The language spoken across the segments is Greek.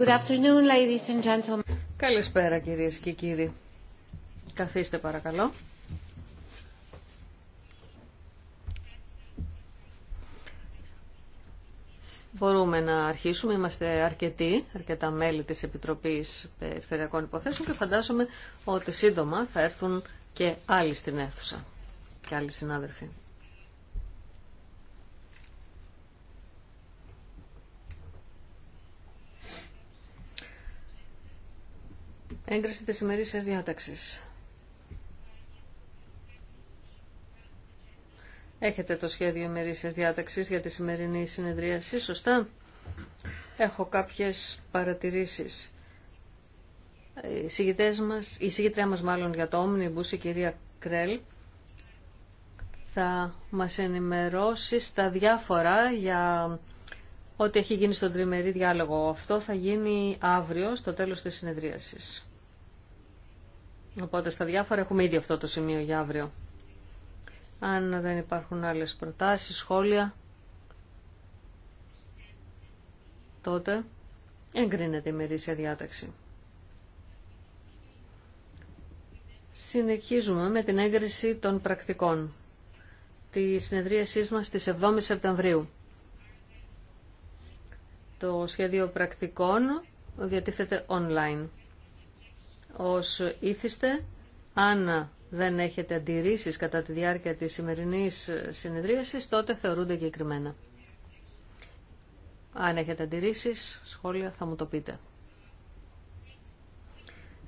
Good afternoon, ladies and gentlemen. Καλησπέρα κυρίες και κύριοι. Καθίστε παρακαλώ. Μπορούμε να αρχίσουμε. Είμαστε αρκετοί, αρκετά μέλη της Επιτροπής Περιφερειακών Υποθέσεων και φαντάζομαι ότι σύντομα θα έρθουν και άλλοι στην αίθουσα και άλλοι συνάδελφοι. Έγκριση της ημερήσιας διάταξης. Έχετε το σχέδιο ημερήσιας διάταξης για τη σημερινή συνεδρίαση, σωστά. Έχω κάποιες παρατηρήσεις. Οι μας, η συγγητρία μας μάλλον για το Omnibus, η κυρία Κρέλ, θα μας ενημερώσει στα διάφορα για ό,τι έχει γίνει στον τριμερή διάλογο. Αυτό θα γίνει αύριο στο τέλος της συνεδρίασης. Οπότε στα διάφορα έχουμε ήδη αυτό το σημείο για αύριο. Αν δεν υπάρχουν άλλες προτάσεις, σχόλια, τότε εγκρίνεται η μερίσια διάταξη. Συνεχίζουμε με την έγκριση των πρακτικών τη συνεδρίασή μας στις 7 Σεπτεμβρίου. Το σχέδιο πρακτικών διατίθεται online ως ήθιστε. Αν δεν έχετε αντιρρήσεις κατά τη διάρκεια της σημερινής συνεδρίασης, τότε θεωρούνται εγκεκριμένα. Αν έχετε αντιρρήσεις, σχόλια θα μου το πείτε.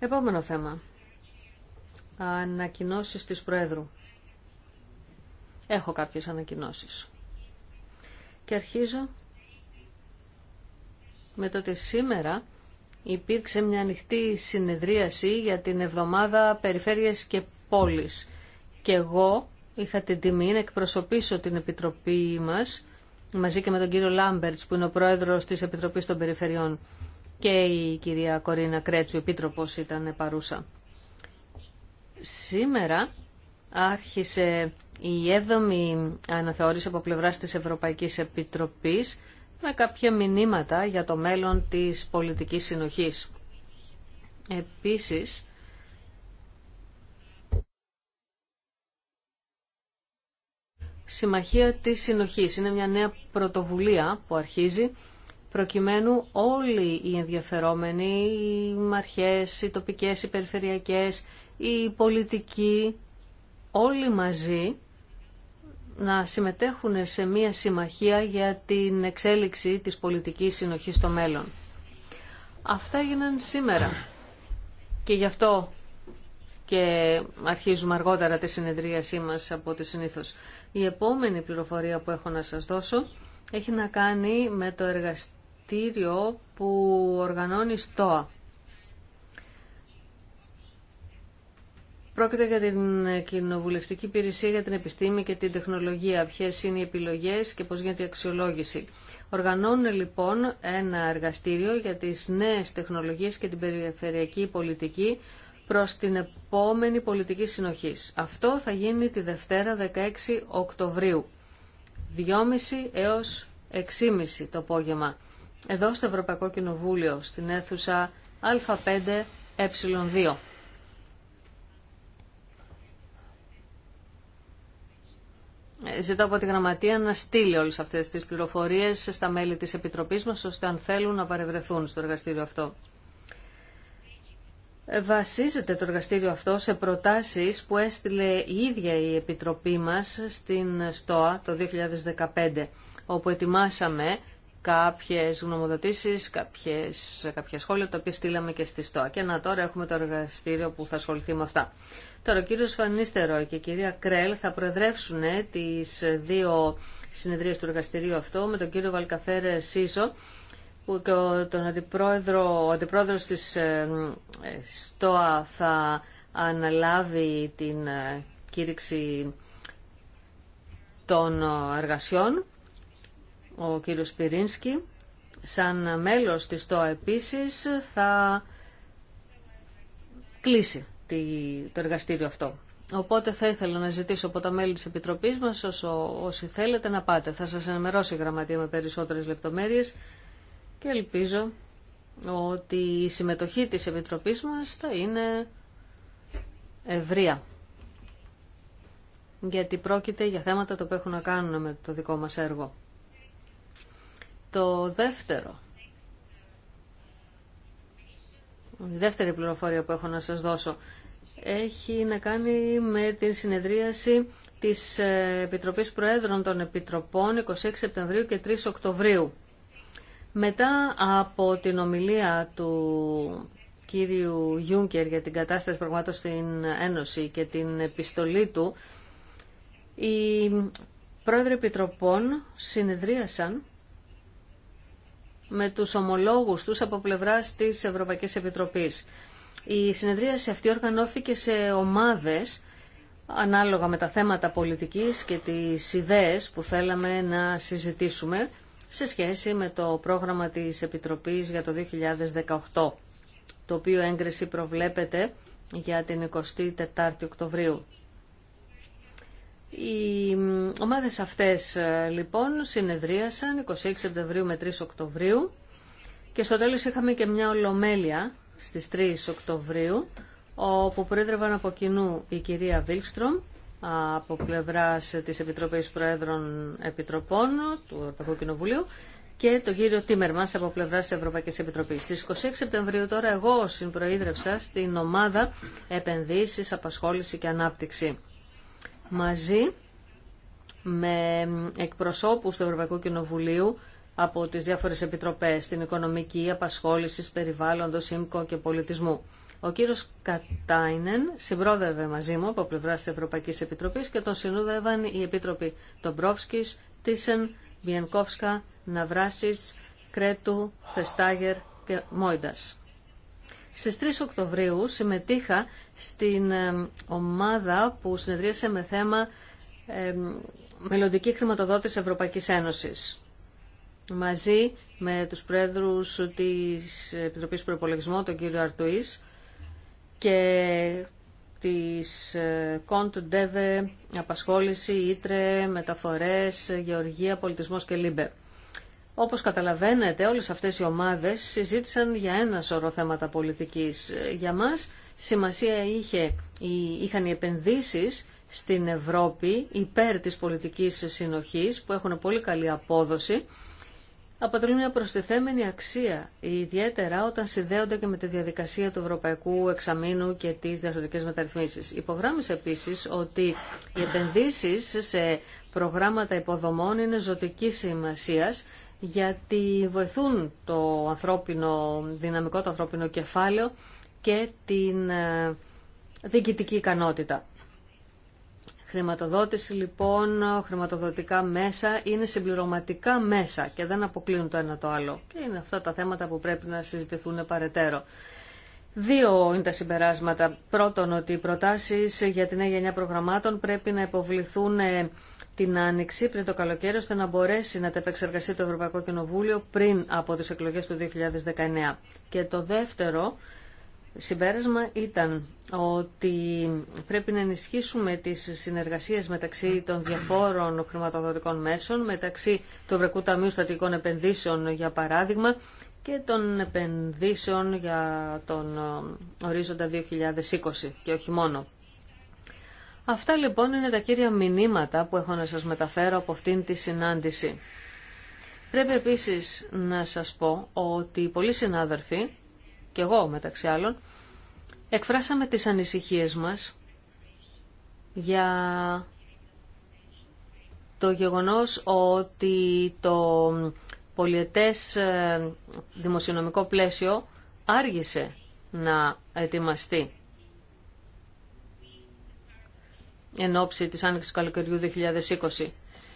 Επόμενο θέμα. Ανακοινώσεις της Προέδρου. Έχω κάποιες ανακοινώσεις. Και αρχίζω με το ότι σήμερα υπήρξε μια ανοιχτή συνεδρίαση για την εβδομάδα Περιφέρειες και Πόλεις. Και εγώ είχα την τιμή να εκπροσωπήσω την Επιτροπή μας μαζί και με τον κύριο Λάμπερτς που είναι ο πρόεδρος της Επιτροπής των Περιφερειών και η κυρία Κορίνα Κρέτσου, επίτροπος ήταν παρούσα. Σήμερα άρχισε η 7η αναθεώρηση από πλευράς της Ευρωπαϊκής Επιτροπής με κάποια μηνύματα για το μέλλον της πολιτικής συνοχής. Επίσης, Συμμαχία της Συνοχής είναι μια νέα πρωτοβουλία που αρχίζει προκειμένου όλοι οι ενδιαφερόμενοι, οι μαρχές, οι τοπικές, οι περιφερειακές, οι πολιτικοί, όλοι μαζί να συμμετέχουν σε μία συμμαχία για την εξέλιξη της πολιτικής συνοχής στο μέλλον. Αυτά έγιναν σήμερα και γι' αυτό και αρχίζουμε αργότερα τη συνεδρίασή μας από τη συνήθως. Η επόμενη πληροφορία που έχω να σας δώσω έχει να κάνει με το εργαστήριο που οργανώνει ΣΤΟΑ Πρόκειται για την Κοινοβουλευτική Υπηρεσία για την Επιστήμη και την Τεχνολογία. Ποιε είναι οι επιλογέ και πώ γίνεται η αξιολόγηση. Οργανώνουν λοιπόν ένα εργαστήριο για τι νέε τεχνολογίε και την περιφερειακή πολιτική προ την επόμενη πολιτική συνοχή. Αυτό θα γίνει τη Δευτέρα 16 Οκτωβρίου. 2.30 έω 6.30 το απόγευμα. Εδώ στο Ευρωπαϊκό Κοινοβούλιο, στην αίθουσα Α5Ε2. Ζητάω από τη Γραμματεία να στείλει όλες αυτές τις πληροφορίες στα μέλη της Επιτροπής μας, ώστε αν θέλουν να παρευρεθούν στο εργαστήριο αυτό. Βασίζεται το εργαστήριο αυτό σε προτάσεις που έστειλε η ίδια η Επιτροπή μας στην ΣΤΟΑ το 2015, όπου ετοιμάσαμε κάποιες γνωμοδοτήσεις, κάποιες, κάποια σχόλια, τα οποία στείλαμε και στη ΣΤΟΑ. Και να τώρα έχουμε το εργαστήριο που θα ασχοληθεί με αυτά. Τώρα ο κύριος Φανίστερο και η κυρία Κρέλ θα προεδρεύσουν ε, τις δύο συνεδρίες του εργαστηρίου αυτό με τον κύριο Βαλκαφέρε Σίσο που και τον αντιπρόεδρο, ο αντιπρόεδρος της ε, ΣΤΟΑ θα αναλάβει την ε, κήρυξη των εργασιών, ο κύριος Πυρίνσκι. Σαν μέλος της ΣΤΟΑ επίσης θα κλείσει το εργαστήριο αυτό. Οπότε θα ήθελα να ζητήσω από τα μέλη της Επιτροπής μας όσο, όσοι θέλετε να πάτε. Θα σας ενημερώσει η Γραμματεία με περισσότερες λεπτομέρειες και ελπίζω ότι η συμμετοχή της Επιτροπής μας θα είναι ευρεία. Γιατί πρόκειται για θέματα το που έχουν να κάνουν με το δικό μας έργο. Το δεύτερο, η δεύτερη πληροφορία που έχω να σας δώσω έχει να κάνει με την συνεδρίαση της ε, Επιτροπής Προέδρων των Επιτροπών 26 Σεπτεμβρίου και 3 Οκτωβρίου. Μετά από την ομιλία του κύριου Γιούνκερ για την κατάσταση πραγμάτων στην Ένωση και την επιστολή του, οι πρόεδροι επιτροπών συνεδρίασαν με τους ομολόγους τους από πλευράς της Ευρωπαϊκής Επιτροπής. Η συνεδρίαση αυτή οργανώθηκε σε ομάδες ανάλογα με τα θέματα πολιτικής και τις ιδέες που θέλαμε να συζητήσουμε σε σχέση με το πρόγραμμα της Επιτροπής για το 2018, το οποίο έγκριση προβλέπεται για την 24η Οκτωβρίου. Οι ομάδες αυτές λοιπόν συνεδρίασαν 26 Σεπτεμβρίου με 3 Οκτωβρίου και στο τέλος είχαμε και μια ολομέλεια στις 3 Οκτωβρίου, όπου προέδρευαν από κοινού η κυρία Βίλκστρομ από πλευράς της Επιτροπής Προέδρων Επιτροπών του Ευρωπαϊκού Κοινοβουλίου και τον κύριο Τίμερμαν από πλευρά τη Ευρωπαϊκή Επιτροπή. Στι 26 Σεπτεμβρίου, τώρα, εγώ συμπροείδρευσα στην ομάδα Επενδύσει, Απασχόληση και Ανάπτυξη. Μαζί με εκπροσώπους του Ευρωπαϊκού Κοινοβουλίου από τις διάφορες επιτροπές, την οικονομική, απασχόληση περιβάλλοντος, σύμκο και πολιτισμού. Ο κύριος Κατάινεν συμπρόδευε μαζί μου από πλευρά της Ευρωπαϊκής Επιτροπής και τον συνούδευαν οι Επίτροποι Τομπρόφσκης, Τίσεν, Βιενκόφσκα, ναβράσις, Κρέτου, Φεστάγερ και Μόιντας. Στις 3 Οκτωβρίου συμμετείχα στην ε, ομάδα που συνεδρίασε με θέμα ε, μελλοντική χρηματοδότηση Ευρωπαϊκής Ένωσης μαζί με τους πρόεδρους της Επιτροπής Προπολογισμών, τον κύριο Αρτουής και της ε, Κόντ, Ντεβε, Απασχόληση, Ήτρε, Μεταφορές, Γεωργία, Πολιτισμός και Λίμπε. Όπως καταλαβαίνετε, όλες αυτές οι ομάδες συζήτησαν για ένα σωρό θέματα πολιτικής. Για μας σημασία είχε, είχαν οι επενδύσεις στην Ευρώπη υπέρ της πολιτικής συνοχής που έχουν πολύ καλή απόδοση αποτελούν μια προστιθέμενη αξία, ιδιαίτερα όταν συνδέονται και με τη διαδικασία του Ευρωπαϊκού Εξαμήνου και τις διαρθρωτικές μεταρρυθμίσεις. Υπογράμμισε επίσης ότι οι επενδύσεις σε προγράμματα υποδομών είναι ζωτικής σημασίας γιατί βοηθούν το ανθρώπινο δυναμικό, το ανθρώπινο κεφάλαιο και την ε, διοικητική ικανότητα. Χρηματοδότηση λοιπόν, χρηματοδοτικά μέσα είναι συμπληρωματικά μέσα και δεν αποκλίνουν το ένα το άλλο. Και είναι αυτά τα θέματα που πρέπει να συζητηθούν παρετέρω. Δύο είναι τα συμπεράσματα. Πρώτον, ότι οι προτάσεις για την νέα γενιά προγραμμάτων πρέπει να υποβληθούν ε, την άνοιξη πριν το καλοκαίρι, ώστε να μπορέσει να τα επεξεργαστεί το Ευρωπαϊκό Κοινοβούλιο πριν από τις εκλογές του 2019. Και το δεύτερο συμπέρασμα ήταν ότι πρέπει να ενισχύσουμε τις συνεργασίες μεταξύ των διαφόρων χρηματοδοτικών μέσων, μεταξύ του Ευρωπαϊκού Ταμείου Στατικών Επενδύσεων, για παράδειγμα, και των επενδύσεων για τον ε, ορίζοντα 2020 και όχι μόνο. Αυτά λοιπόν είναι τα κύρια μηνύματα που έχω να σας μεταφέρω από αυτήν τη συνάντηση. Πρέπει επίσης να σας πω ότι πολλοί συνάδελφοι και εγώ μεταξύ άλλων, εκφράσαμε τις ανησυχίες μας για το γεγονός ότι το πολιετές ε, δημοσιονομικό πλαίσιο άργησε να ετοιμαστεί εν ώψη της άνοιξης καλοκαιριού 2020.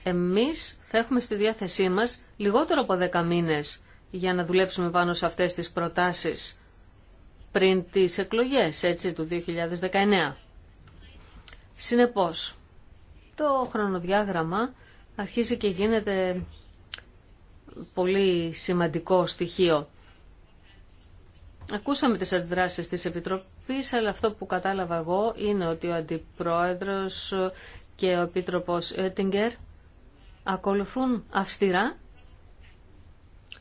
Εμείς θα έχουμε στη διάθεσή μας λιγότερο από 10 μήνες για να δουλέψουμε πάνω σε αυτές τις προτάσεις πριν τις εκλογές, έτσι, του 2019. Συνεπώς, το χρονοδιάγραμμα αρχίζει και γίνεται πολύ σημαντικό στοιχείο. Ακούσαμε τις αντιδράσεις της Επιτροπής, αλλά αυτό που κατάλαβα εγώ είναι ότι ο Αντιπρόεδρος και ο Επίτροπος Έτιγκερ ακολουθούν αυστηρά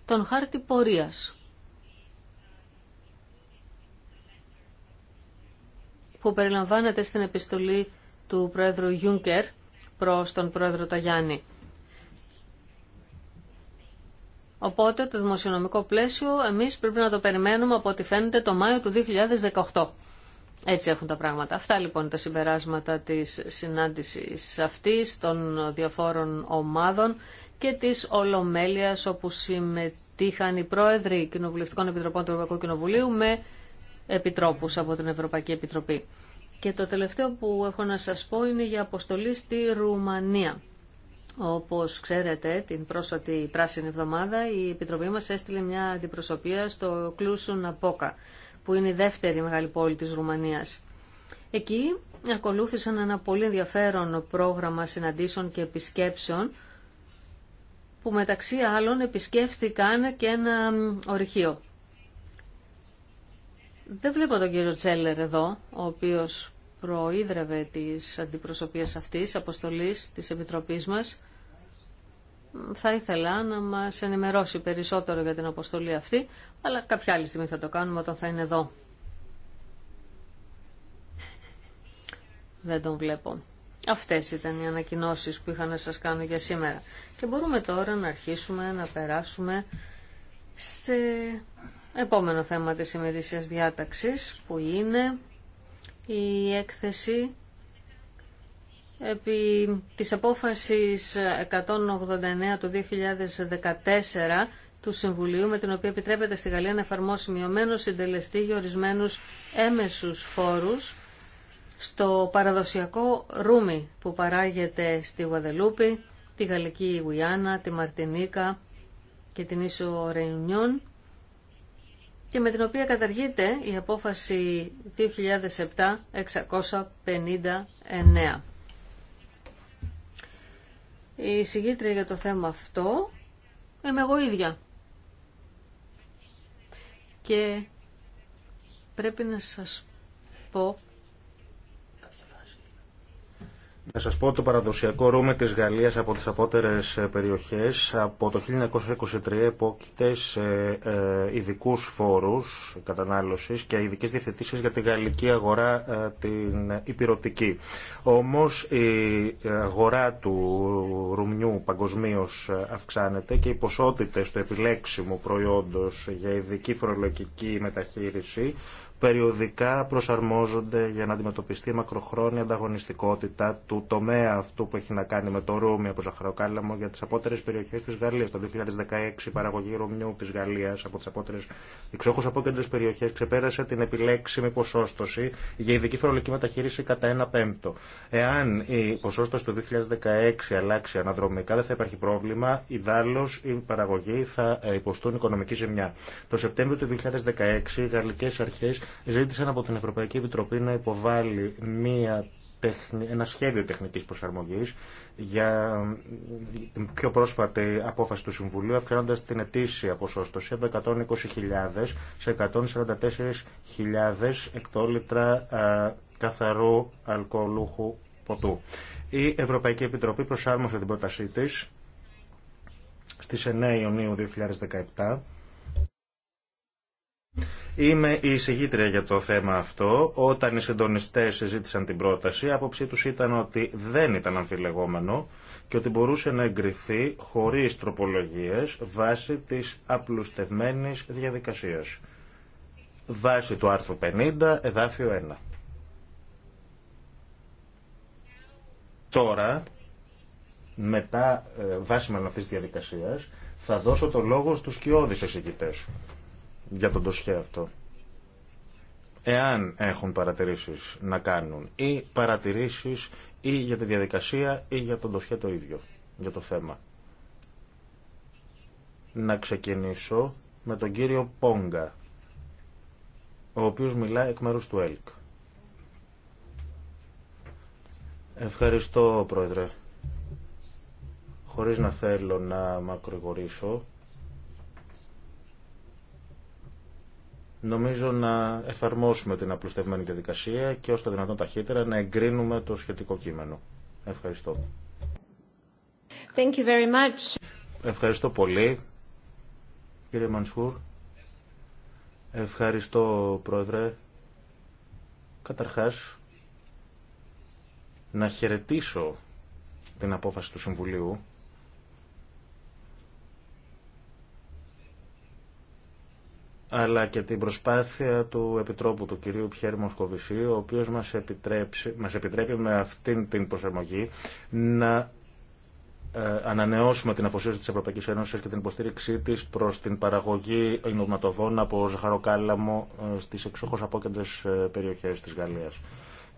τον χάρτη πορείας που περιλαμβάνεται στην επιστολή του Πρόεδρου Γιούνκερ προς τον Πρόεδρο Ταγιάννη. Οπότε το δημοσιονομικό πλαίσιο εμείς πρέπει να το περιμένουμε από ό,τι φαίνεται το Μάιο του 2018. Έτσι έχουν τα πράγματα. Αυτά λοιπόν τα συμπεράσματα της συνάντησης αυτής των διαφόρων ομάδων και της Ολομέλειας όπου συμμετείχαν οι πρόεδροι Κοινοβουλευτικών Επιτροπών του Ευρωπαϊκού Κοινοβουλίου με επιτρόπους από την Ευρωπαϊκή Επιτροπή. Και το τελευταίο που έχω να σας πω είναι για αποστολή στη Ρουμανία. Όπως ξέρετε, την πρόσφατη πράσινη εβδομάδα η Επιτροπή μας έστειλε μια αντιπροσωπεία στο Κλούσου Απόκα που είναι η δεύτερη μεγάλη πόλη της Ρουμανίας. Εκεί ακολούθησαν ένα πολύ ενδιαφέρον πρόγραμμα συναντήσεων και επισκέψεων, που μεταξύ άλλων επισκέφθηκαν και ένα ορυχείο, δεν βλέπω τον κύριο Τσέλερ εδώ, ο οποίος προείδρευε της αντιπροσωπείας αυτής, αποστολής της Επιτροπής μας. Θα ήθελα να μας ενημερώσει περισσότερο για την αποστολή αυτή, αλλά κάποια άλλη στιγμή θα το κάνουμε όταν θα είναι εδώ. Δεν τον βλέπω. Αυτές ήταν οι ανακοινώσεις που είχα να σας κάνω για σήμερα. Και μπορούμε τώρα να αρχίσουμε να περάσουμε σε Επόμενο θέμα της ημερήσιας διάταξης που είναι η έκθεση επί της απόφασης 189 του 2014 του Συμβουλίου με την οποία επιτρέπεται στη Γαλλία να εφαρμόσει μειωμένο συντελεστή για ορισμένου έμεσους φόρους στο παραδοσιακό ρούμι που παράγεται στη Γουαδελούπη, τη Γαλλική Γουιάννα, τη Μαρτινίκα και την Ίσο Ρεϊνιόν και με την οποία καταργείται η απόφαση 2007-659. Η συγγήτρια για το θέμα αυτό είμαι εγώ ίδια. Και πρέπει να σας πω να σας πω το παραδοσιακό ρούμε της Γαλλίας από τις απότερες ε, περιοχές από το 1923 υπόκειται σε ε, ειδικούς φόρους κατανάλωσης και ειδικές διευθετήσεις για τη γαλλική αγορά ε, την υπηρετική. Όμως η αγορά του ρουμιού παγκοσμίω αυξάνεται και οι ποσότητες του επιλέξιμου προϊόντος για ειδική φορολογική μεταχείριση περιοδικά προσαρμόζονται για να αντιμετωπιστεί η μακροχρόνια ανταγωνιστικότητα του τομέα αυτού που έχει να κάνει με το ρούμι από ζαχαροκάλαμο για τι απότερε περιοχέ τη Γαλλία. Το 2016 η παραγωγή ρουμιού τη Γαλλία από τις εξόχου από απόκεντρες περιοχές ξεπέρασε την επιλέξιμη ποσόστοση για ειδική φορολογική μεταχείριση κατά 1 πέμπτο. Εάν η ποσόστοση του 2016 αλλάξει αναδρομικά δεν θα υπάρχει πρόβλημα, Ιδάλω η παραγωγή θα υποστούν οικονομική ζημιά. Το Σεπτέμβριο του 2016 οι γαλλικέ αρχέ ζήτησαν από την Ευρωπαϊκή Επιτροπή να υποβάλει μία ένα σχέδιο τεχνικής προσαρμογής για την πιο πρόσφατη απόφαση του Συμβουλίου αυξάνοντας την ετήσια ποσόστοση από 120.000 σε 144.000 εκτόλιτρα καθαρού αλκοολούχου ποτού. Η Ευρωπαϊκή Επιτροπή προσάρμοσε την πρότασή της στις 9 Ιουνίου 2017 Είμαι η εισηγήτρια για το θέμα αυτό. Όταν οι συντονιστέ συζήτησαν την πρόταση, η άποψή του ήταν ότι δεν ήταν αμφιλεγόμενο και ότι μπορούσε να εγκριθεί χωρίς τροπολογίες βάσει της απλουστευμένης διαδικασία. Βάσει του άρθρου 50, εδάφιο 1. Τώρα, μετά, ε, βάσει με αυτής της διαδικασίας, θα δώσω το λόγο στους κοιόδης εισηγητές για τον τοσχέ αυτό. Εάν έχουν παρατηρήσεις να κάνουν ή παρατηρήσεις ή για τη διαδικασία ή για τον τοσχέ το ίδιο, για το θέμα. Να ξεκινήσω με τον κύριο Πόγκα, ο οποίος μιλά εκ μέρους του ΕΛΚ. Ευχαριστώ, Πρόεδρε. Χωρίς να θέλω να μακρηγορήσω, Νομίζω να εφαρμόσουμε την απλουστευμένη διαδικασία και ώστε δυνατόν ταχύτερα να εγκρίνουμε το σχετικό κείμενο. Ευχαριστώ. Ευχαριστώ πολύ, κύριε Μανσχούρ. Ευχαριστώ, Πρόεδρε. Καταρχάς, να χαιρετήσω την απόφαση του Συμβουλίου αλλά και την προσπάθεια του Επιτρόπου, του κυρίου Πιέρ Μοσκοβισή, ο οποίος μας, μας επιτρέπει με αυτήν την προσαρμογή να ε, ανανεώσουμε την αφοσίωση της Ευρωπαϊκής Ένωσης και την υποστήριξή της προς την παραγωγή νοηματοδών από ζαχαροκάλαμο ε, στις εξόχως απόκεντρες ε, περιοχές της Γαλλίας.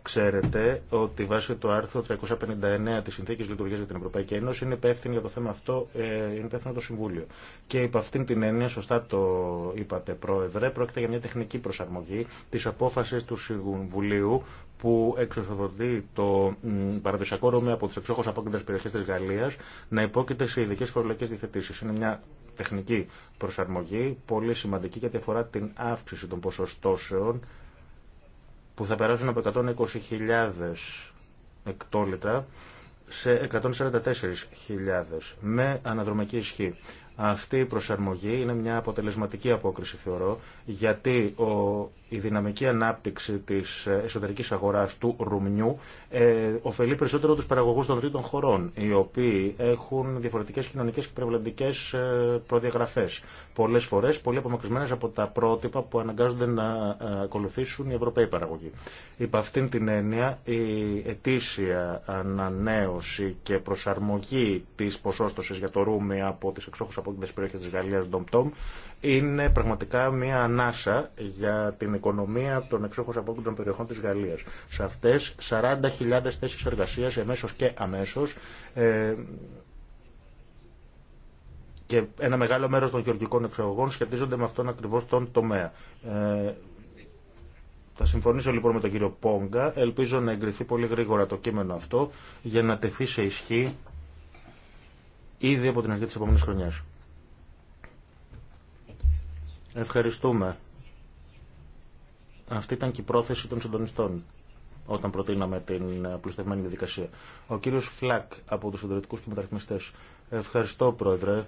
Ξέρετε ότι βάσει το άρθρο 359 τη Συνθήκη Λειτουργία για την Ευρωπαϊκή Ένωση είναι υπεύθυνη για το θέμα αυτό, ε, είναι υπεύθυνο το Συμβούλιο. Και υπ' αυτήν την έννοια, σωστά το είπατε, Πρόεδρε, πρόκειται για μια τεχνική προσαρμογή τη απόφαση του Συμβουλίου που εξοσοδοτεί το παραδοσιακό Ρωμαίο από τι εξόχω απόκριτε περιοχέ τη Γαλλία να υπόκειται σε ειδικέ φορολογικέ διθετήσει. Είναι μια τεχνική προσαρμογή πολύ σημαντική γιατί αφορά την αύξηση των ποσοστώσεων που θα περάσουν από 120.000 εκτόλιτα σε 144.000 με αναδρομική ισχύ. Αυτή η προσαρμογή είναι μια αποτελεσματική απόκριση, θεωρώ, γιατί ο, η δυναμική ανάπτυξη της εσωτερικής αγοράς του ρουμνιού ε, ωφελεί περισσότερο του παραγωγούς των τρίτων χωρών, οι οποίοι έχουν διαφορετικές κοινωνικές και περιβαλλοντικέ ε, προδιαγραφέ. Πολλέ φορέ πολύ απομακρυσμένες από τα πρότυπα που αναγκάζονται να ε, ακολουθήσουν οι Ευρωπαίοι παραγωγοί. Υπ' αυτήν την έννοια, η ετήσια ανανέωση και προσαρμογή της ποσόστοσης για το ρούμι από τις εξόχους απόκεντρες περιοχές της Γαλλίας, Ντομπτόμ, είναι πραγματικά μια ανάσα για την οικονομία των εξόχω απόκεντρων περιοχών τη Γαλλία. Σε αυτέ 40.000 θέσει εργασία, εμέσω και αμέσω. ε, και ένα μεγάλο μέρος των γεωργικών εξαγωγών σχετίζονται με αυτόν ακριβώς τον τομέα. Ε, θα συμφωνήσω λοιπόν με τον κύριο Πόγκα. Ελπίζω να εγκριθεί πολύ γρήγορα το κείμενο αυτό για να τεθεί σε ισχύ ήδη από την αρχή της επόμενης χρονιάς. Ευχαριστούμε. Αυτή ήταν και η πρόθεση των συντονιστών όταν προτείναμε την απλουστευμένη διαδικασία. Ο κύριος Φλακ από τους συντηρητικούς και μεταρρυθμιστές. Ευχαριστώ, Πρόεδρε.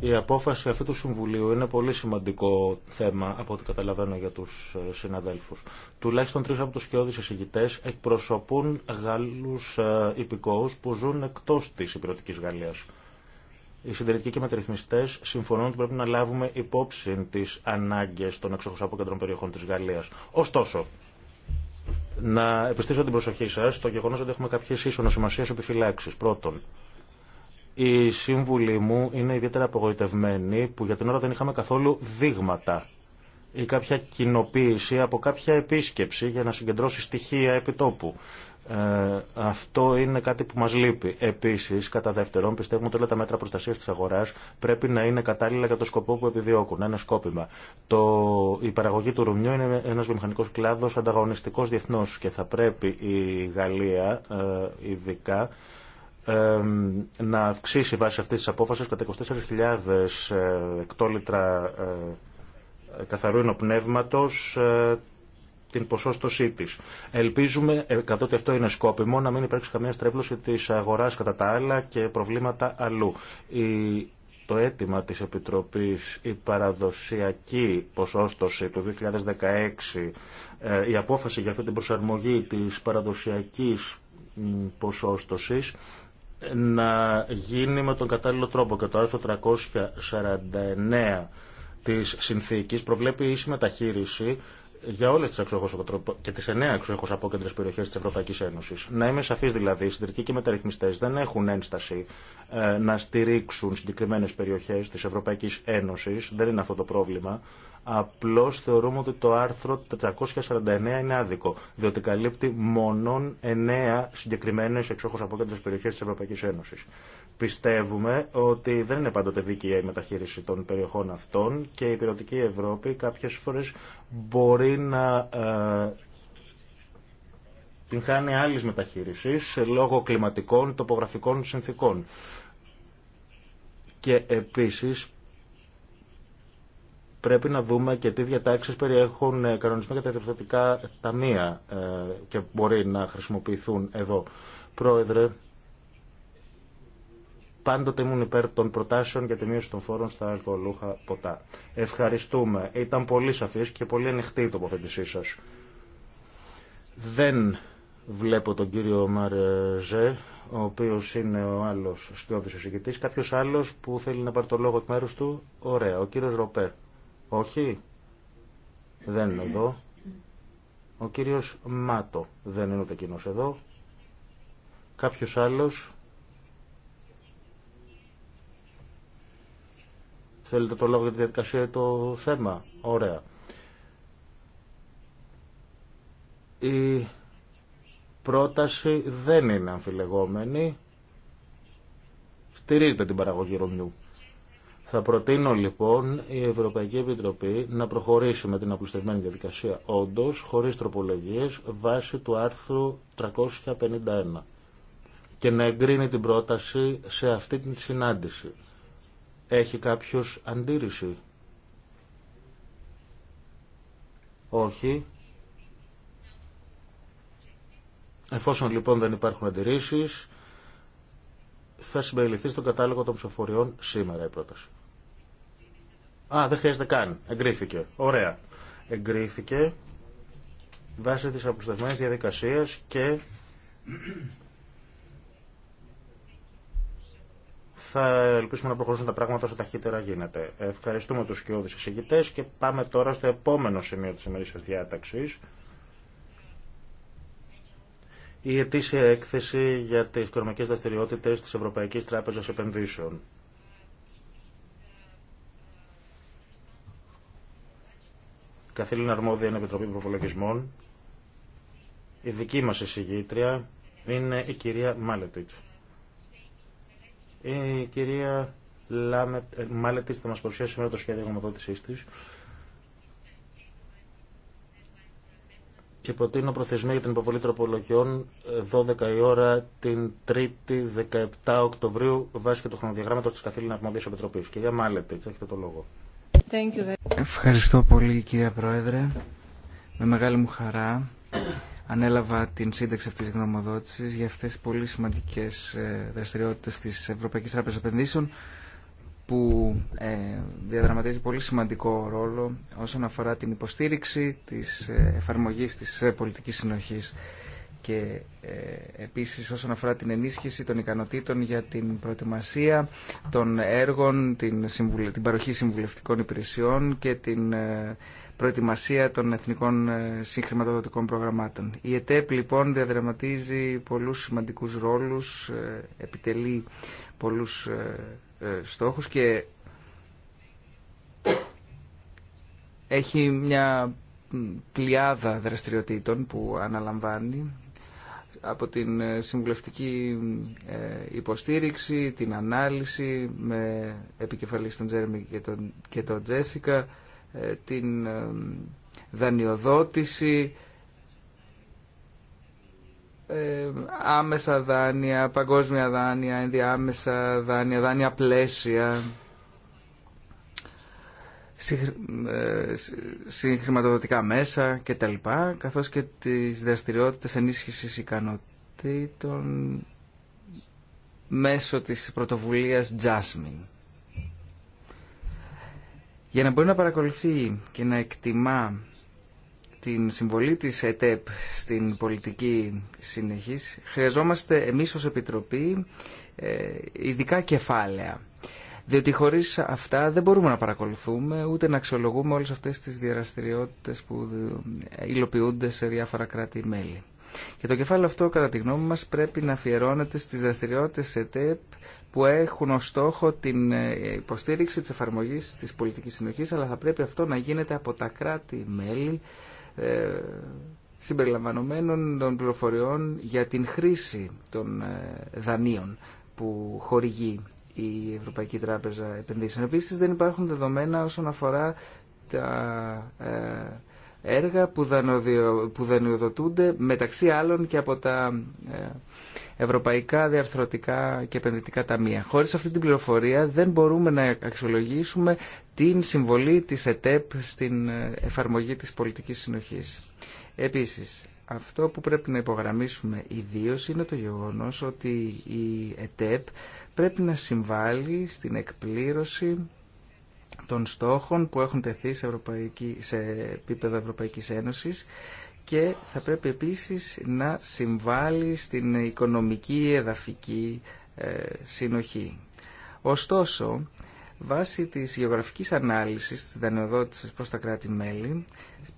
Η απόφαση αυτού του Συμβουλίου είναι πολύ σημαντικό θέμα, από ό,τι καταλαβαίνω για τους ε, συναδέλφους. Τουλάχιστον τρεις από τους σκιώδεις εισηγητές εκπροσωπούν Γάλλους ε, υπηκόους που ζουν εκτός της υπηρετικής Γαλλίας. Οι συντηρητικοί και μετρηθμιστέ συμφωνούν ότι πρέπει να λάβουμε υπόψη τι ανάγκε των εξοχώ αποκεντρών περιοχών τη Γαλλία. Ωστόσο, να επιστήσω την προσοχή σα στο γεγονό ότι έχουμε κάποιε ίσονο σημασία επιφυλάξει. Πρώτον, οι σύμβουλοι μου είναι ιδιαίτερα απογοητευμένοι που για την ώρα δεν είχαμε καθόλου δείγματα ή κάποια κοινοποίηση από κάποια επίσκεψη για να συγκεντρώσει στοιχεία επιτόπου. Ε, αυτό είναι κάτι που μας λείπει. Επίσης, κατά δεύτερον, πιστεύουμε ότι όλα τα μέτρα προστασίας τη αγορά, πρέπει να είναι κατάλληλα για το σκοπό που επιδιώκουν, Ένα σκόπιμα. Το, η παραγωγή του ρουμιού είναι ένας βιομηχανικό κλάδος ανταγωνιστικός διεθνώς και θα πρέπει η Γαλλία ε, ειδικά ε, να αυξήσει βάσει αυτή τη απόφαση κατά 24.000 ε, εκτόλιτρα καθαρού ενοπνεύματος την ποσόστοσή τη. Ελπίζουμε, ε, καθότι αυτό είναι σκόπιμο, να μην υπάρξει καμία στρέβλωση τη αγορά κατά τα άλλα και προβλήματα αλλού. Η, το αίτημα της Επιτροπής, η παραδοσιακή ποσόστοση του 2016, ε, η απόφαση για αυτή την προσαρμογή της παραδοσιακής ποσόστοσης, να γίνει με τον κατάλληλο τρόπο και το άρθρο 349 της συνθήκης προβλέπει ίση μεταχείριση για όλε τι και τι εννέα εξοχώ απόκεντρε περιοχέ τη Ευρωπαϊκή Ένωση. Να είμαι σαφή δηλαδή, οι συντηρητικοί και οι μεταρρυθμιστέ δεν έχουν ένσταση ε, να στηρίξουν συγκεκριμένε περιοχέ τη Ευρωπαϊκή Ένωση. Δεν είναι αυτό το πρόβλημα. Απλώ θεωρούμε ότι το άρθρο 449 είναι άδικο, διότι καλύπτει μόνον εννέα συγκεκριμένε εξόχω απόκεντρε περιοχέ τη Ευρωπαϊκή Ένωση. Πιστεύουμε ότι δεν είναι πάντοτε δίκαιη η μεταχείριση των περιοχών αυτών και η πυροτική Ευρώπη κάποιες φορές μπορεί να ε, την χάνει άλλης μεταχείρισης λόγω κλιματικών, τοπογραφικών συνθήκων. Και επίσης πρέπει να δούμε και τι διατάξεις περιέχουν ε, κανονισμοί για τα διευθυντικά ταμεία ε, και μπορεί να χρησιμοποιηθούν εδώ. Πρόεδρε, πάντοτε ήμουν υπέρ των προτάσεων για τη μείωση των φόρων στα αλκοολούχα ποτά. Ευχαριστούμε. Ήταν πολύ σαφής και πολύ ανοιχτή η τοποθέτησή σα. Δεν βλέπω τον κύριο Μαρεζέ, ο οποίο είναι ο άλλο σκιώδη εισηγητή. Κάποιος άλλος που θέλει να πάρει το λόγο εκ μέρου του. Ωραία. Ο κύριο Ροπέ. Όχι. Δεν είναι εδώ. Ο κύριος Μάτο δεν είναι ούτε εκείνος εδώ. Κάποιος άλλος Θέλετε το λόγο για τη διαδικασία ή το θέμα. Ωραία. πρόταση δεν είναι αμφιλεγόμενη. Στηρίζεται την παραγωγή ρομιού. Θα προτείνω λοιπόν η Ευρωπαϊκή Επιτροπή να προχωρήσει με την απλουστευμένη διαδικασία όντω, χωρί τροπολογίε, βάσει του άρθρου 351 και να εγκρίνει την πρόταση σε αυτή την συνάντηση. Έχει κάποιος αντίρρηση. Όχι. Εφόσον λοιπόν δεν υπάρχουν αντιρρήσεις, θα συμπεριληφθεί στον κατάλογο των ψηφοφοριών σήμερα η πρόταση. Α, δεν χρειάζεται καν. Εγκρίθηκε. Ωραία. Εγκρίθηκε βάσει της αποστευμένης διαδικασίας και θα ελπίσουμε να προχωρήσουν τα πράγματα όσο ταχύτερα γίνεται. Ευχαριστούμε τους σκιώδεις εισηγητές και πάμε τώρα στο επόμενο σημείο της ημερήσιας διάταξης. Η ετήσια έκθεση για τις οικονομικές δραστηριότητες της Ευρωπαϊκής Τράπεζας Επενδύσεων. Καθήλυνα αρμόδια είναι η Επιτροπή Προπολογισμών. Η δική μας εισηγήτρια είναι η κυρία Μάλετιτς. Η ε, κυρία ε, Μάλετη θα μας παρουσιάσει σήμερα το σχέδιο γνωμοδότησής της. και προτείνω προθεσμία για την υποβολή τροπολογιών 12 ε, η ώρα την 3η 17 Οκτωβρίου βάσει και του χρονοδιαγράμματος της Καθήλυνα Αρμοδίας Επιτροπής. Κυρία Μάλετη, έχετε το λόγο. Ευχαριστώ πολύ κυρία Πρόεδρε. Με μεγάλη μου χαρά ανέλαβα την σύνταξη αυτής της γνωμοδότησης για αυτές τις πολύ σημαντικές ε, δραστηριότητες της Ευρωπαϊκής Τράπεζας Επενδύσεων που ε, διαδραματίζει πολύ σημαντικό ρόλο όσον αφορά την υποστήριξη της ε, εφαρμογής της πολιτικής συνοχής και επίσης όσον αφορά την ενίσχυση των ικανοτήτων για την προετοιμασία των έργων, την, παροχή συμβουλευτικών υπηρεσιών και την προετοιμασία των εθνικών ε, συγχρηματοδοτικών προγραμμάτων. Η ΕΤΕΠ λοιπόν διαδραματίζει πολλούς σημαντικούς ρόλους, ε, επιτελεί πολλούς ε, στόχους και έχει μια πλειάδα δραστηριοτήτων που αναλαμβάνει από την συμβουλευτική υποστήριξη, την ανάλυση με επικεφαλής τον Τζέρμι και τον, και τον Τζέσικα, ε, την ε, δανειοδότηση, ε, άμεσα δάνεια, παγκόσμια δάνεια, ενδιάμεσα δάνεια, δάνεια πλαίσια, συγχρηματοδοτικά μέσα και κτλ. καθώς και τις δραστηριότητες ενίσχυσης ικανοτήτων μέσω της πρωτοβουλίας Jasmine. Για να μπορεί να παρακολουθεί και να εκτιμά την συμβολή της ΕΤΕΠ στην πολιτική συνεχής, χρειαζόμαστε εμείς ως Επιτροπή ε, ειδικά κεφάλαια. Διότι χωρίς αυτά δεν μπορούμε να παρακολουθούμε ούτε να αξιολογούμε όλες αυτές τις διαδραστηριότητες που υλοποιούνται σε διάφορα κράτη-μέλη. Και το κεφάλαιο αυτό, κατά τη γνώμη μας, πρέπει να αφιερώνεται στις δραστηριότητες ΕΤΕΠ που έχουν ως στόχο την ε, υποστήριξη της εφαρμογής της πολιτικής συνοχής, αλλά θα πρέπει αυτό να γίνεται από τα κράτη-μέλη ε, συμπεριλαμβανομένων των πληροφοριών για την χρήση των ε, δανείων που χορηγεί η Ευρωπαϊκή Τράπεζα Επενδύσεων. Επίσης δεν υπάρχουν δεδομένα όσον αφορά τα, ε, έργα που δανειοδοτούνται μεταξύ άλλων και από τα ε, ευρωπαϊκά διαρθρωτικά και επενδυτικά ταμεία. Χωρίς αυτή την πληροφορία δεν μπορούμε να αξιολογήσουμε την συμβολή της ΕΤΕΠ στην ε, εφαρμογή της πολιτικής συνοχής. Επίσης, αυτό που πρέπει να υπογραμμίσουμε ιδίω είναι το γεγονός ότι η ΕΤΕΠ πρέπει να συμβάλλει στην εκπλήρωση των στόχων που έχουν τεθεί σε, ευρωπαϊκή, σε επίπεδο Ευρωπαϊκής Ένωσης και θα πρέπει επίσης να συμβάλλει στην οικονομική εδαφική ε, συνοχή. Ωστόσο, βάσει της γεωγραφικής ανάλυσης της δανειοδότησης προς τα κράτη-μέλη,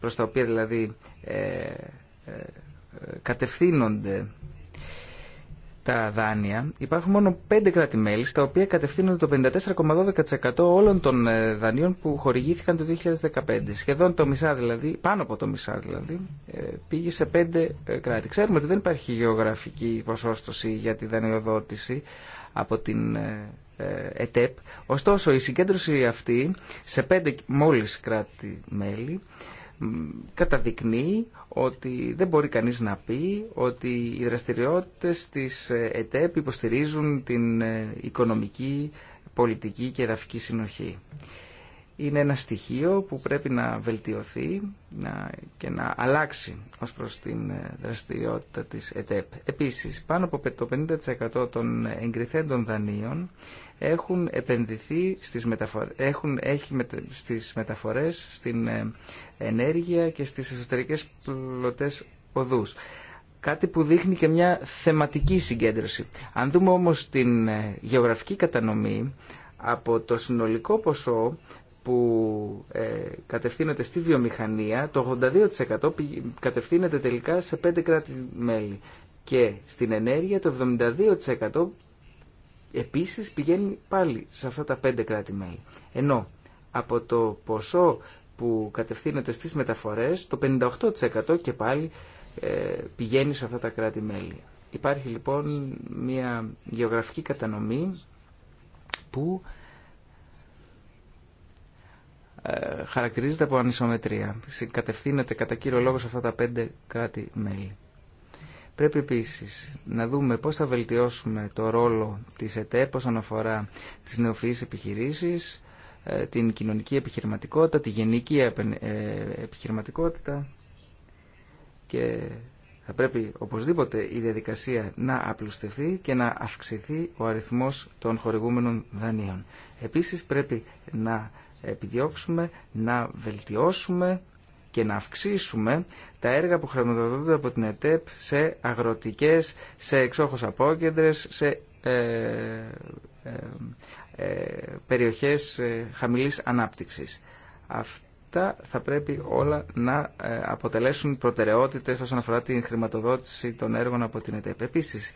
προς τα οποία δηλαδή ε, ε, ε κατευθύνονται τα δάνεια υπάρχουν μόνο 5 κράτη-μέλη στα οποία κατευθύνονται το 54,12% όλων των ε, δανείων που χορηγήθηκαν το 2015. Σχεδόν το μισά δηλαδή, πάνω από το μισά δηλαδή, ε, πήγε σε 5 ε, κράτη. Ξέρουμε ότι δεν υπάρχει γεωγραφική ποσόστοση για τη δανειοδότηση από την ΕΤΕΠ. Ωστόσο η συγκέντρωση αυτή σε 5 μόλις κράτη-μέλη καταδεικνύει ότι δεν μπορεί κανείς να πει ότι οι δραστηριότητες της ε, ΕΤΕΠ υποστηρίζουν την ε, οικονομική, πολιτική και εδαφική συνοχή είναι ένα στοιχείο που πρέπει να βελτιωθεί και να αλλάξει ως προς την ε, δραστηριότητα της ΕΤΕΠ. Επίσης, πάνω από το 50% των εγκριθέντων δανείων έχουν επενδυθεί στις, μεταφορές, μεταφορές, στην ε, ενέργεια και στις εσωτερικές πλωτές οδούς. Κάτι που δείχνει και μια θεματική συγκέντρωση. Αν δούμε όμως την ε, γεωγραφική κατανομή, από το συνολικό ποσό που ε, κατευθύνεται στη βιομηχανία, το 82% κατευθύνεται τελικά σε 5 κράτη-μέλη. Και στην ενέργεια το 72% επίσης πηγαίνει πάλι σε αυτά τα 5 κράτη-μέλη. Ενώ από το ποσό που κατευθύνεται στις μεταφορές, το 58% και πάλι ε, πηγαίνει σε αυτά τα κράτη-μέλη. Υπάρχει λοιπόν μια γεωγραφική κατανομή που ε, χαρακτηρίζεται από ανισομετρία. Κατευθύνεται κατά κύριο λόγο σε αυτά τα πέντε κράτη-μέλη. Πρέπει επίσης να δούμε πώς θα βελτιώσουμε το ρόλο της ΕΤΕΠ όσον αφορά τις νεοφυείς επιχειρήσεις, ε, την κοινωνική επιχειρηματικότητα, τη γενική ε, επιχειρηματικότητα και θα πρέπει οπωσδήποτε η διαδικασία να απλουστευτεί και να αυξηθεί ο αριθμός των χορηγούμενων δανείων. Επίσης πρέπει να επιδιώξουμε να βελτιώσουμε και να αυξήσουμε τα έργα που χρηματοδοτούνται από την ΕΤΕΠ σε αγροτικές, σε εξόχως απόκεντρες, σε ε, ε, ε περιοχές ε, χαμηλής ανάπτυξης. Αυτά θα πρέπει όλα να αποτελέσουν προτεραιότητες όσον αφορά την χρηματοδότηση των έργων από την ΕΤΕΠ. Επίσης,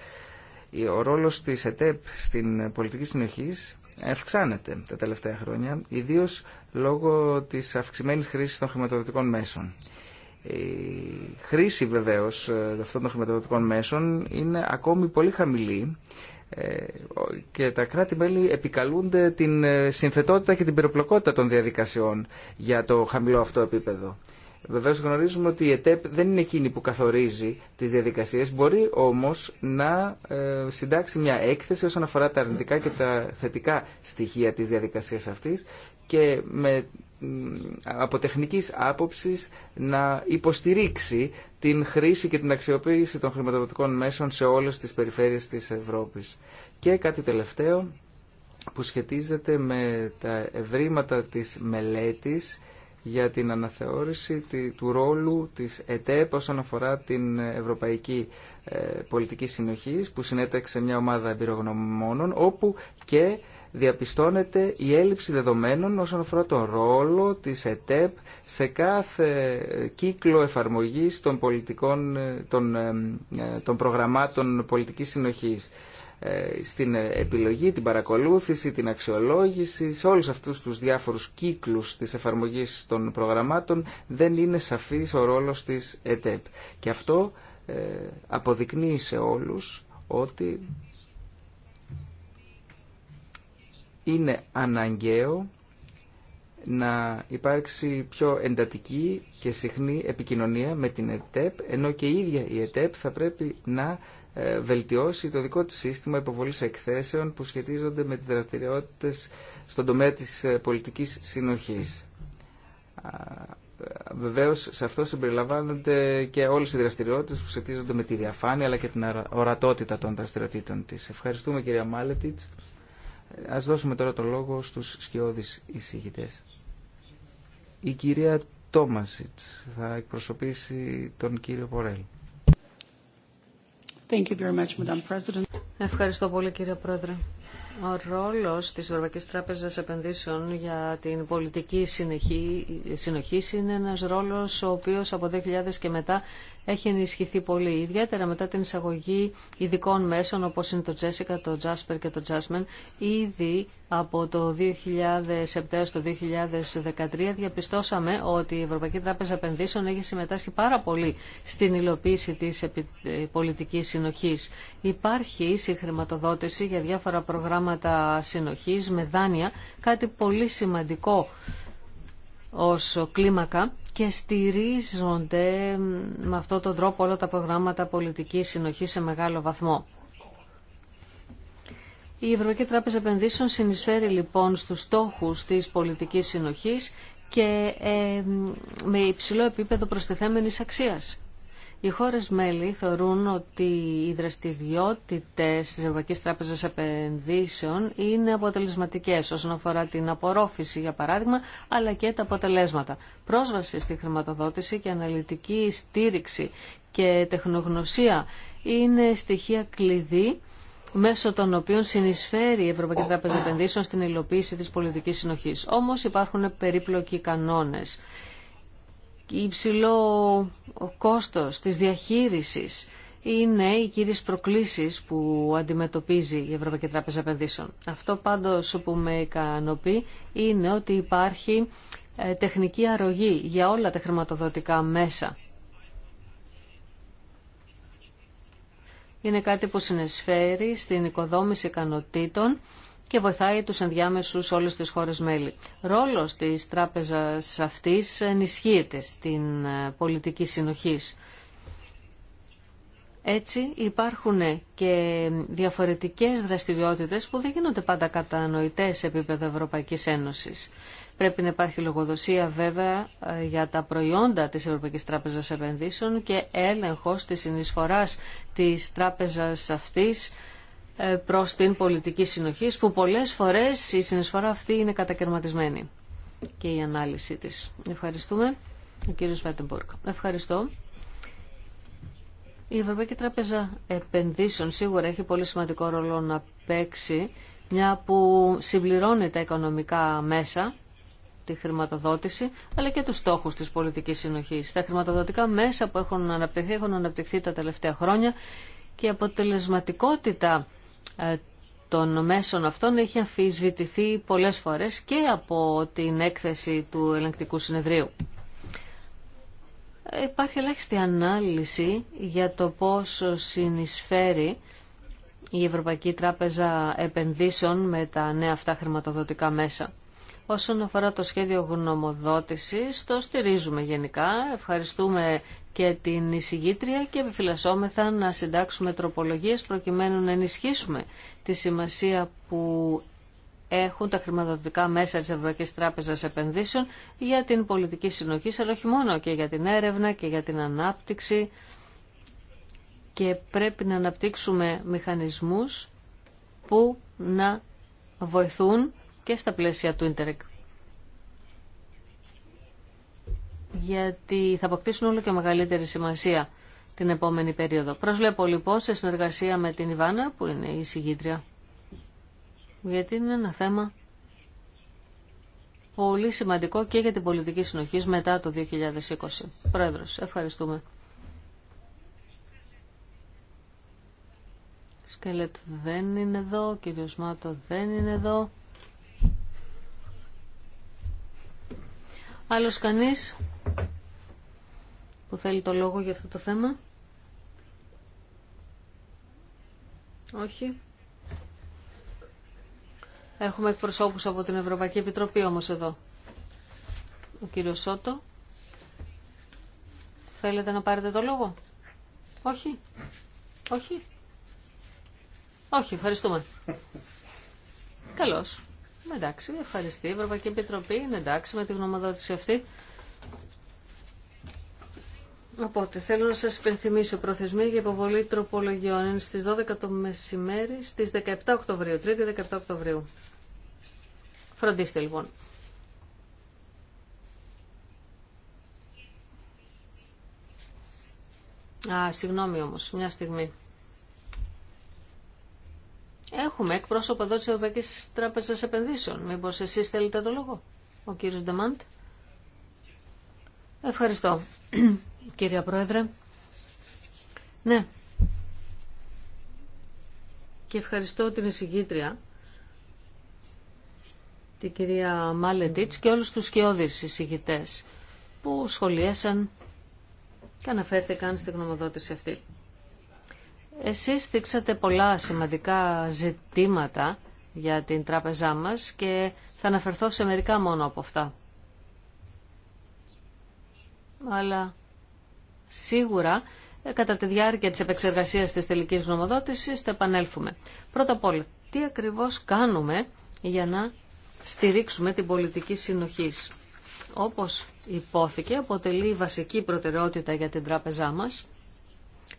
ο ρόλος της ΕΤΕΠ στην πολιτική συνοχής αυξάνεται τα τελευταία χρόνια, ιδίως λόγω της αυξημένης χρήσης των χρηματοδοτικών μέσων. Η χρήση βεβαίως ε, αυτών των χρηματοδοτικών μέσων είναι ακόμη πολύ χαμηλή ε, και τα κράτη-μέλη επικαλούνται την ε, συνθετότητα και την περιπλοκότητα των διαδικασιών για το χαμηλό αυτό επίπεδο. Βεβαίω γνωρίζουμε ότι η ΕΤΕΠ δεν είναι εκείνη που καθορίζει τις διαδικασίε. μπορεί όμως να ε, συντάξει μια έκθεση όσον αφορά τα αρνητικά και τα θετικά στοιχεία της διαδικασίας αυτής και με, από τεχνική άποψης να υποστηρίξει την χρήση και την αξιοποίηση των χρηματοδοτικών μέσων σε όλες τις περιφέρειες της Ευρώπης. Και κάτι τελευταίο που σχετίζεται με τα ευρήματα της μελέτης για την αναθεώρηση του ρόλου της ΕΤΕΠ όσον αφορά την Ευρωπαϊκή ε, Πολιτική συνοχή που συνέταξε μια ομάδα εμπειρογνωμόνων όπου και διαπιστώνεται η έλλειψη δεδομένων όσον αφορά τον ρόλο της ΕΤΕΠ σε κάθε ε, κύκλο εφαρμογής των, πολιτικών, ε, των, των προγραμμάτων πολιτικής συνοχής. Ε, στην επιλογή, την παρακολούθηση, την αξιολόγηση, σε όλους αυτούς τους διάφορους κύκλους της εφαρμογής των προγραμμάτων δεν είναι σαφής ο ρόλος της ΕΤΕΠ. Και αυτό ε, αποδεικνύει σε όλους ότι είναι αναγκαίο να υπάρξει πιο εντατική και συχνή επικοινωνία με την ΕΤΕΠ, ενώ και η ίδια η ΕΤΕΠ θα πρέπει να ε, βελτιώσει το δικό του σύστημα υποβολής εκθέσεων που σχετίζονται με τις δραστηριότητες στον τομέα της ε, πολιτικής συνοχής. Ε, βεβαίως σε αυτό συμπεριλαμβάνονται και όλες οι δραστηριότητες που σχετίζονται με τη διαφάνεια αλλά και την ορατότητα των δραστηριοτήτων της. Ευχαριστούμε κυρία Μάλετιτς. Ας δώσουμε τώρα το λόγο στους σκιώδεις εισηγητές. Η κυρία Τόμασιτς θα εκπροσωπήσει τον κύριο Πορέλ. Ευχαριστώ πολύ κύριε Πρόεδρε. Ο ρόλος της Ευρωπαϊκής Τράπεζας Επενδύσεων για την πολιτική συνοχή, είναι ένας ρόλος ο οποίος από 2000 και μετά έχει ενισχυθεί πολύ, ιδιαίτερα μετά την εισαγωγή ειδικών μέσων όπως είναι το Τζέσικα, το Τζάσπερ και το Τζάσμεν. Ήδη από το 2007 στο 2013 διαπιστώσαμε ότι η Ευρωπαϊκή Τράπεζα Επενδύσεων έχει συμμετάσχει πάρα πολύ στην υλοποίηση της πολιτικής συνοχής. Υπάρχει συγχρηματοδότηση για διάφορα προγράμματα συνοχής με δάνεια, κάτι πολύ σημαντικό ως κλίμακα και στηρίζονται με αυτόν τον τρόπο όλα τα προγράμματα πολιτικής συνοχής σε μεγάλο βαθμό. Η Ευρωπαϊκή Τράπεζα Επενδύσεων συνεισφέρει λοιπόν στους στόχους της πολιτικής συνοχής και ε, με υψηλό επίπεδο προστιθέμενης αξίας. Οι χώρες μέλη θεωρούν ότι οι δραστηριότητε τη Ευρωπαϊκή Τράπεζα Επενδύσεων είναι αποτελεσματικέ όσον αφορά την απορρόφηση, για παράδειγμα, αλλά και τα αποτελέσματα. Πρόσβαση στη χρηματοδότηση και αναλυτική στήριξη και τεχνογνωσία είναι στοιχεία κλειδί μέσω των οποίων συνεισφέρει η Ευρωπαϊκή Τράπεζα στην υλοποίηση της πολιτικής συνοχής. Όμως υπάρχουν περίπλοκοι κανόνες υψηλό ο κόστος της διαχείρισης είναι οι κύριε προκλήσεις που αντιμετωπίζει η Ευρωπαϊκή Τράπεζα Επενδύσεων. Αυτό πάντως που με ικανοποιεί είναι ότι υπάρχει ε, τεχνική αρρωγή για όλα τα χρηματοδοτικά μέσα. Είναι κάτι που συνεισφέρει στην οικοδόμηση ικανοτήτων και βοηθάει τους ενδιάμεσους όλες τις χώρες μέλη. Ρόλος της τράπεζας αυτής ενισχύεται στην ε, πολιτική συνοχής. Έτσι υπάρχουν και διαφορετικές δραστηριότητες που δεν γίνονται πάντα κατανοητές σε επίπεδο Ευρωπαϊκής Ένωσης. Πρέπει να υπάρχει λογοδοσία βέβαια ε, για τα προϊόντα της Ευρωπαϊκής Τράπεζας Επενδύσεων και έλεγχος της συνεισφοράς της τράπεζας αυτής ε, προς την πολιτική συνοχή που πολλές φορές η συνεισφορά αυτή είναι κατακαιρματισμένη και η ανάλυση της. Ευχαριστούμε. Ο κύριος Βέτεμπορκ. Ευχαριστώ. Η Ευρωπαϊκή Τράπεζα Επενδύσεων σίγουρα έχει πολύ σημαντικό ρόλο να παίξει μια που συμπληρώνει τα οικονομικά μέσα τη χρηματοδότηση, αλλά και τους στόχους της πολιτικής συνοχής. Τα χρηματοδοτικά μέσα που έχουν αναπτυχθεί, έχουν αναπτυχθεί τα τελευταία χρόνια και η αποτελεσματικότητα ε, των μέσων αυτών έχει αμφισβητηθεί πολλές φορές και από την έκθεση του ελεγκτικού συνεδρίου. Ε, υπάρχει ελάχιστη ανάλυση για το πόσο συνεισφέρει η Ευρωπαϊκή Τράπεζα Επενδύσεων με τα νέα αυτά χρηματοδοτικά μέσα. Όσον αφορά το σχέδιο γνωμοδότησης, το στηρίζουμε γενικά. Ευχαριστούμε και την εισηγήτρια και επιφυλασσόμεθα να συντάξουμε τροπολογίες προκειμένου να ενισχύσουμε τη σημασία που έχουν τα χρηματοδοτικά μέσα της Ευρωπαϊκής Τράπεζας Επενδύσεων για την πολιτική συνοχή, αλλά όχι μόνο και για την έρευνα και για την ανάπτυξη και πρέπει να αναπτύξουμε μηχανισμούς που να βοηθούν και στα πλαίσια του Ιντερεκ. Γιατί θα αποκτήσουν όλο και μεγαλύτερη σημασία την επόμενη περίοδο. Προσβλέπω λοιπόν σε συνεργασία με την Ιβάνα που είναι η συγγήτρια. Γιατί είναι ένα θέμα πολύ σημαντικό και για την πολιτική συνοχή μετά το 2020. Πρόεδρος, ευχαριστούμε. Σκελετ δεν είναι εδώ, κύριος Μάτο δεν είναι εδώ. Άλλος κανείς που θέλει το λόγο για αυτό το θέμα. Όχι. Έχουμε εκπροσώπους από την Ευρωπαϊκή Επιτροπή όμως εδώ. Ο κύριος Σότο. Θέλετε να πάρετε το λόγο. Όχι. Όχι. Όχι, ευχαριστούμε. Καλώς. Εντάξει, ευχαριστεί η Ευρωπαϊκή Επιτροπή, είναι εντάξει με τη γνωμοδότηση αυτή. Οπότε θέλω να σας υπενθυμίσω προθεσμία για υποβολή τροπολογιών είναι στις 12 το μεσημέρι στις 17 Οκτωβρίου, 3η 17 Οκτωβρίου. Φροντίστε λοιπόν. Α, συγγνώμη όμως, μια στιγμή. Έχουμε εκπρόσωπο εδώ τη Ευρωπαϊκή Τράπεζα Επενδύσεων. Μήπω εσείς θέλετε το λόγο, ο κύριο Ντεμάντ. Ευχαριστώ, κύριε Πρόεδρε. Ναι. Και ευχαριστώ την εισηγήτρια, την κυρία Μάλεντιτς και όλους τους σκιώδεις εισηγητές που σχολίασαν και αναφέρθηκαν στην γνωμοδότηση αυτή. Εσείς στήξατε πολλά σημαντικά ζητήματα για την τράπεζά μας και θα αναφερθώ σε μερικά μόνο από αυτά. Αλλά σίγουρα ε, κατά τη διάρκεια της επεξεργασίας της τελικής γνωμοδότησης θα επανέλθουμε. Πρώτα απ' όλα, τι ακριβώς κάνουμε για να στηρίξουμε την πολιτική συνοχής. Όπως υπόθηκε, αποτελεί βασική προτεραιότητα για την τράπεζά μας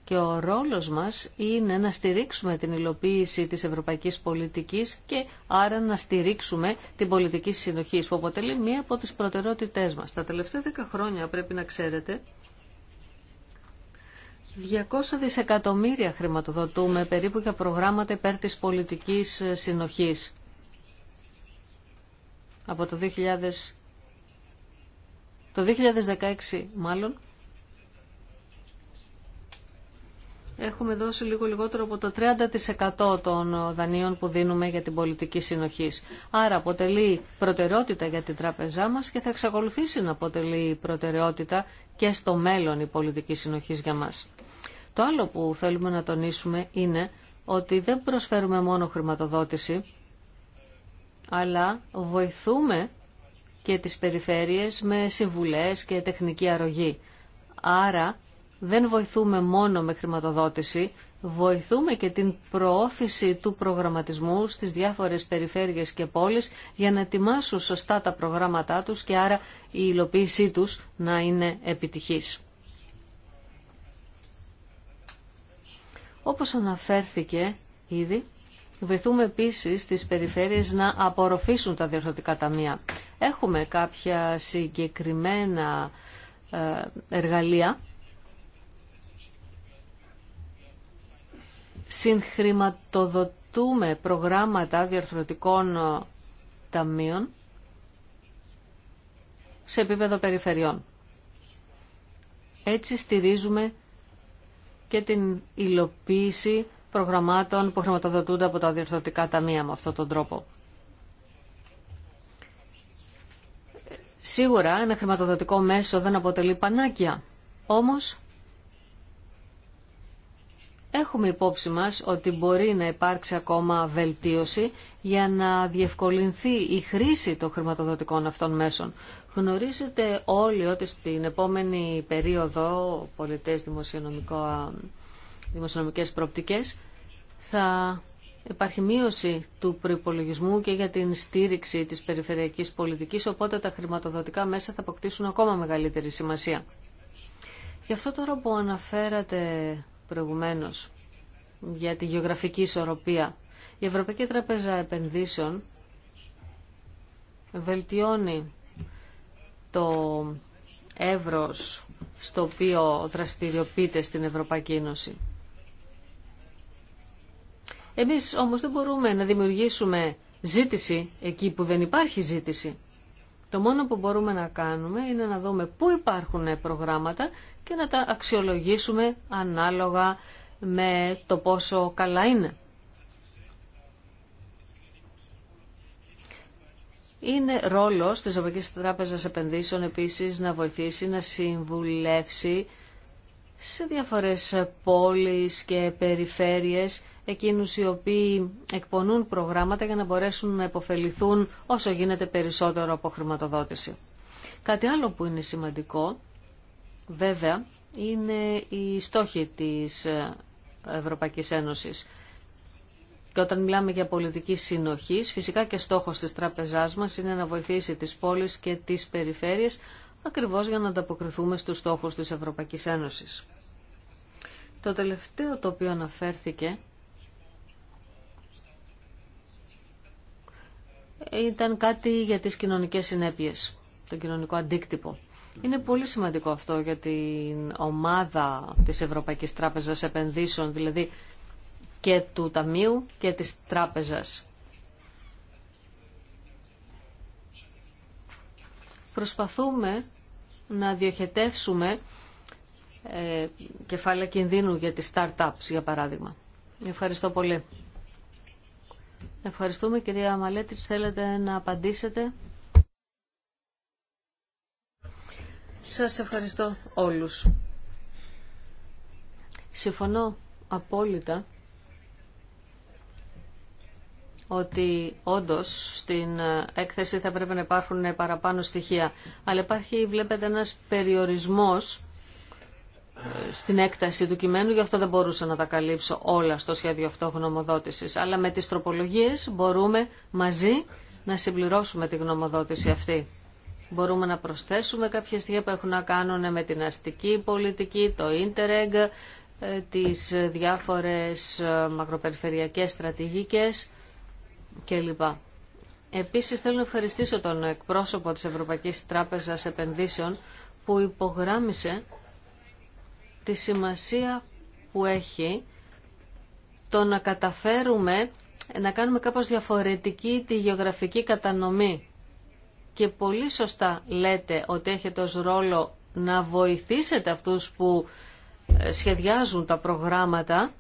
και ο ρόλος μας είναι να στηρίξουμε την υλοποίηση της ευρωπαϊκής πολιτικής και άρα να στηρίξουμε την πολιτική συνοχή που αποτελεί μία από τις προτεραιότητές μας. Τα τελευταία δέκα χρόνια πρέπει να ξέρετε 200 δισεκατομμύρια χρηματοδοτούμε περίπου για προγράμματα υπέρ της πολιτικής συνοχής. Από το 2000... Το 2016 μάλλον έχουμε δώσει λίγο λιγότερο από το 30% των δανείων που δίνουμε για την πολιτική συνοχή. Άρα αποτελεί προτεραιότητα για την τράπεζά μας και θα εξακολουθήσει να αποτελεί προτεραιότητα και στο μέλλον η πολιτική συνοχή για μας. Το άλλο που θέλουμε να τονίσουμε είναι ότι δεν προσφέρουμε μόνο χρηματοδότηση, αλλά βοηθούμε και τις περιφέρειες με συμβουλές και τεχνική αρρωγή. Άρα δεν βοηθούμε μόνο με χρηματοδότηση, βοηθούμε και την προώθηση του προγραμματισμού στις διάφορες περιφέρειες και πόλεις για να ετοιμάσουν σωστά τα προγράμματά τους και άρα η υλοποίησή τους να είναι επιτυχής. Όπως αναφέρθηκε ήδη, Βοηθούμε επίσης τις περιφέρειες να απορροφήσουν τα διορθωτικά ταμεία. Έχουμε κάποια συγκεκριμένα ε, εργαλεία Συγχρηματοδοτούμε προγράμματα διαρθρωτικών ε, ταμείων σε επίπεδο περιφερειών. Έτσι στηρίζουμε και την υλοποίηση προγραμμάτων που χρηματοδοτούνται από τα διαρθρωτικά ταμεία με αυτόν τον τρόπο. Σίγουρα ένα χρηματοδοτικό μέσο δεν αποτελεί πανάκια, όμως Έχουμε υπόψη μας ότι μπορεί να υπάρξει ακόμα βελτίωση για να διευκολυνθεί η χρήση των χρηματοδοτικών αυτών μέσων. Γνωρίζετε όλοι ότι στην επόμενη περίοδο πολιτές δημοσιονομικές προοπτικές θα υπάρχει μείωση του προϋπολογισμού και για την στήριξη της περιφερειακής πολιτικής, οπότε τα χρηματοδοτικά μέσα θα αποκτήσουν ακόμα μεγαλύτερη σημασία. Γι' αυτό τώρα που αναφέρατε προηγουμένως για τη γεωγραφική ισορροπία. Η Ευρωπαϊκή Τραπέζα Επενδύσεων βελτιώνει το εύρος στο οποίο δραστηριοποιείται στην Ευρωπαϊκή Ένωση. Εμείς όμως δεν μπορούμε να δημιουργήσουμε ζήτηση εκεί που δεν υπάρχει ζήτηση. Το μόνο που μπορούμε να κάνουμε είναι να δούμε πού υπάρχουν προγράμματα και να τα αξιολογήσουμε ανάλογα με το πόσο καλά είναι. Είναι ρόλος της Ευρωπαϊκής Τράπεζας Επενδύσεων επίσης να βοηθήσει να συμβουλεύσει σε διάφορες πόλεις και περιφέρειες εκείνους οι οποίοι εκπονούν προγράμματα για να μπορέσουν να υποφεληθούν όσο γίνεται περισσότερο από χρηματοδότηση. Κάτι άλλο που είναι σημαντικό βέβαια είναι η στόχοι της ε, Ευρωπαϊκής Ένωσης. Και όταν μιλάμε για πολιτική συνοχή, φυσικά και στόχος της τράπεζάς μας είναι να βοηθήσει τις πόλεις και τις περιφέρειες ακριβώς για να ανταποκριθούμε στους στόχους της Ευρωπαϊκής Ένωσης. Το τελευταίο το οποίο αναφέρθηκε ήταν κάτι για τις κοινωνικές συνέπειες, τον κοινωνικό αντίκτυπο. Είναι πολύ σημαντικό αυτό για την ομάδα της Ευρωπαϊκής Τράπεζας Επενδύσεων, δηλαδή και του Ταμείου και της Τράπεζας. Προσπαθούμε να διοχετεύσουμε ε, κεφάλαια κινδύνου για τις startups, για παράδειγμα. Ευχαριστώ πολύ. Ευχαριστούμε κυρία Μαλέτη, Θέλετε να απαντήσετε. Σας ευχαριστώ όλους. Συμφωνώ απόλυτα ότι όντως στην έκθεση θα πρέπει να υπάρχουν παραπάνω στοιχεία. Αλλά υπάρχει, βλέπετε, ένας περιορισμός ε, στην έκταση του κειμένου, γι' αυτό δεν μπορούσα να τα καλύψω όλα στο σχέδιο αυτό γνωμοδότησης. Αλλά με τις τροπολογίες μπορούμε μαζί να συμπληρώσουμε τη γνωμοδότηση αυτή. Μπορούμε να προσθέσουμε κάποια στοιχεία που έχουν να κάνουν με την αστική πολιτική, το ίντερεγκ, τις διάφορες ε, μακροπεριφερειακές στρατηγικές κλπ. Επίσης θέλω να ευχαριστήσω τον εκπρόσωπο της Ευρωπαϊκής Τράπεζας Επενδύσεων που υπογράμμισε τη σημασία που έχει το να καταφέρουμε να κάνουμε κάπως διαφορετική τη γεωγραφική κατανομή και πολύ σωστά λέτε ότι έχετε ως ρόλο να βοηθήσετε αυτούς που ε, σχεδιάζουν τα προγράμματα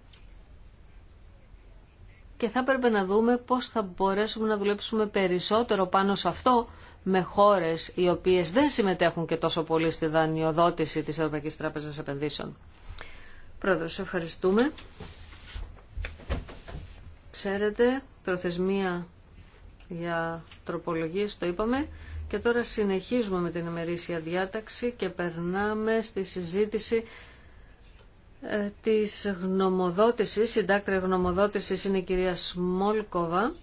και θα έπρεπε να δούμε πώς θα μπορέσουμε να δουλέψουμε περισσότερο πάνω σε αυτό με χώρες οι οποίες δεν συμμετέχουν και τόσο πολύ στη δανειοδότηση της Ευρωπαϊκής Τράπεζας Επενδύσεων. Πρόεδρος, ευχαριστούμε. Ξέρετε, προθεσμία για τροπολογίες, το είπαμε. Και τώρα συνεχίζουμε με την ημερήσια διάταξη και περνάμε στη συζήτηση ε, της γνωμοδότησης, συντάκτρια γνωμοδότησης είναι η κυρία Σμόλκοβα,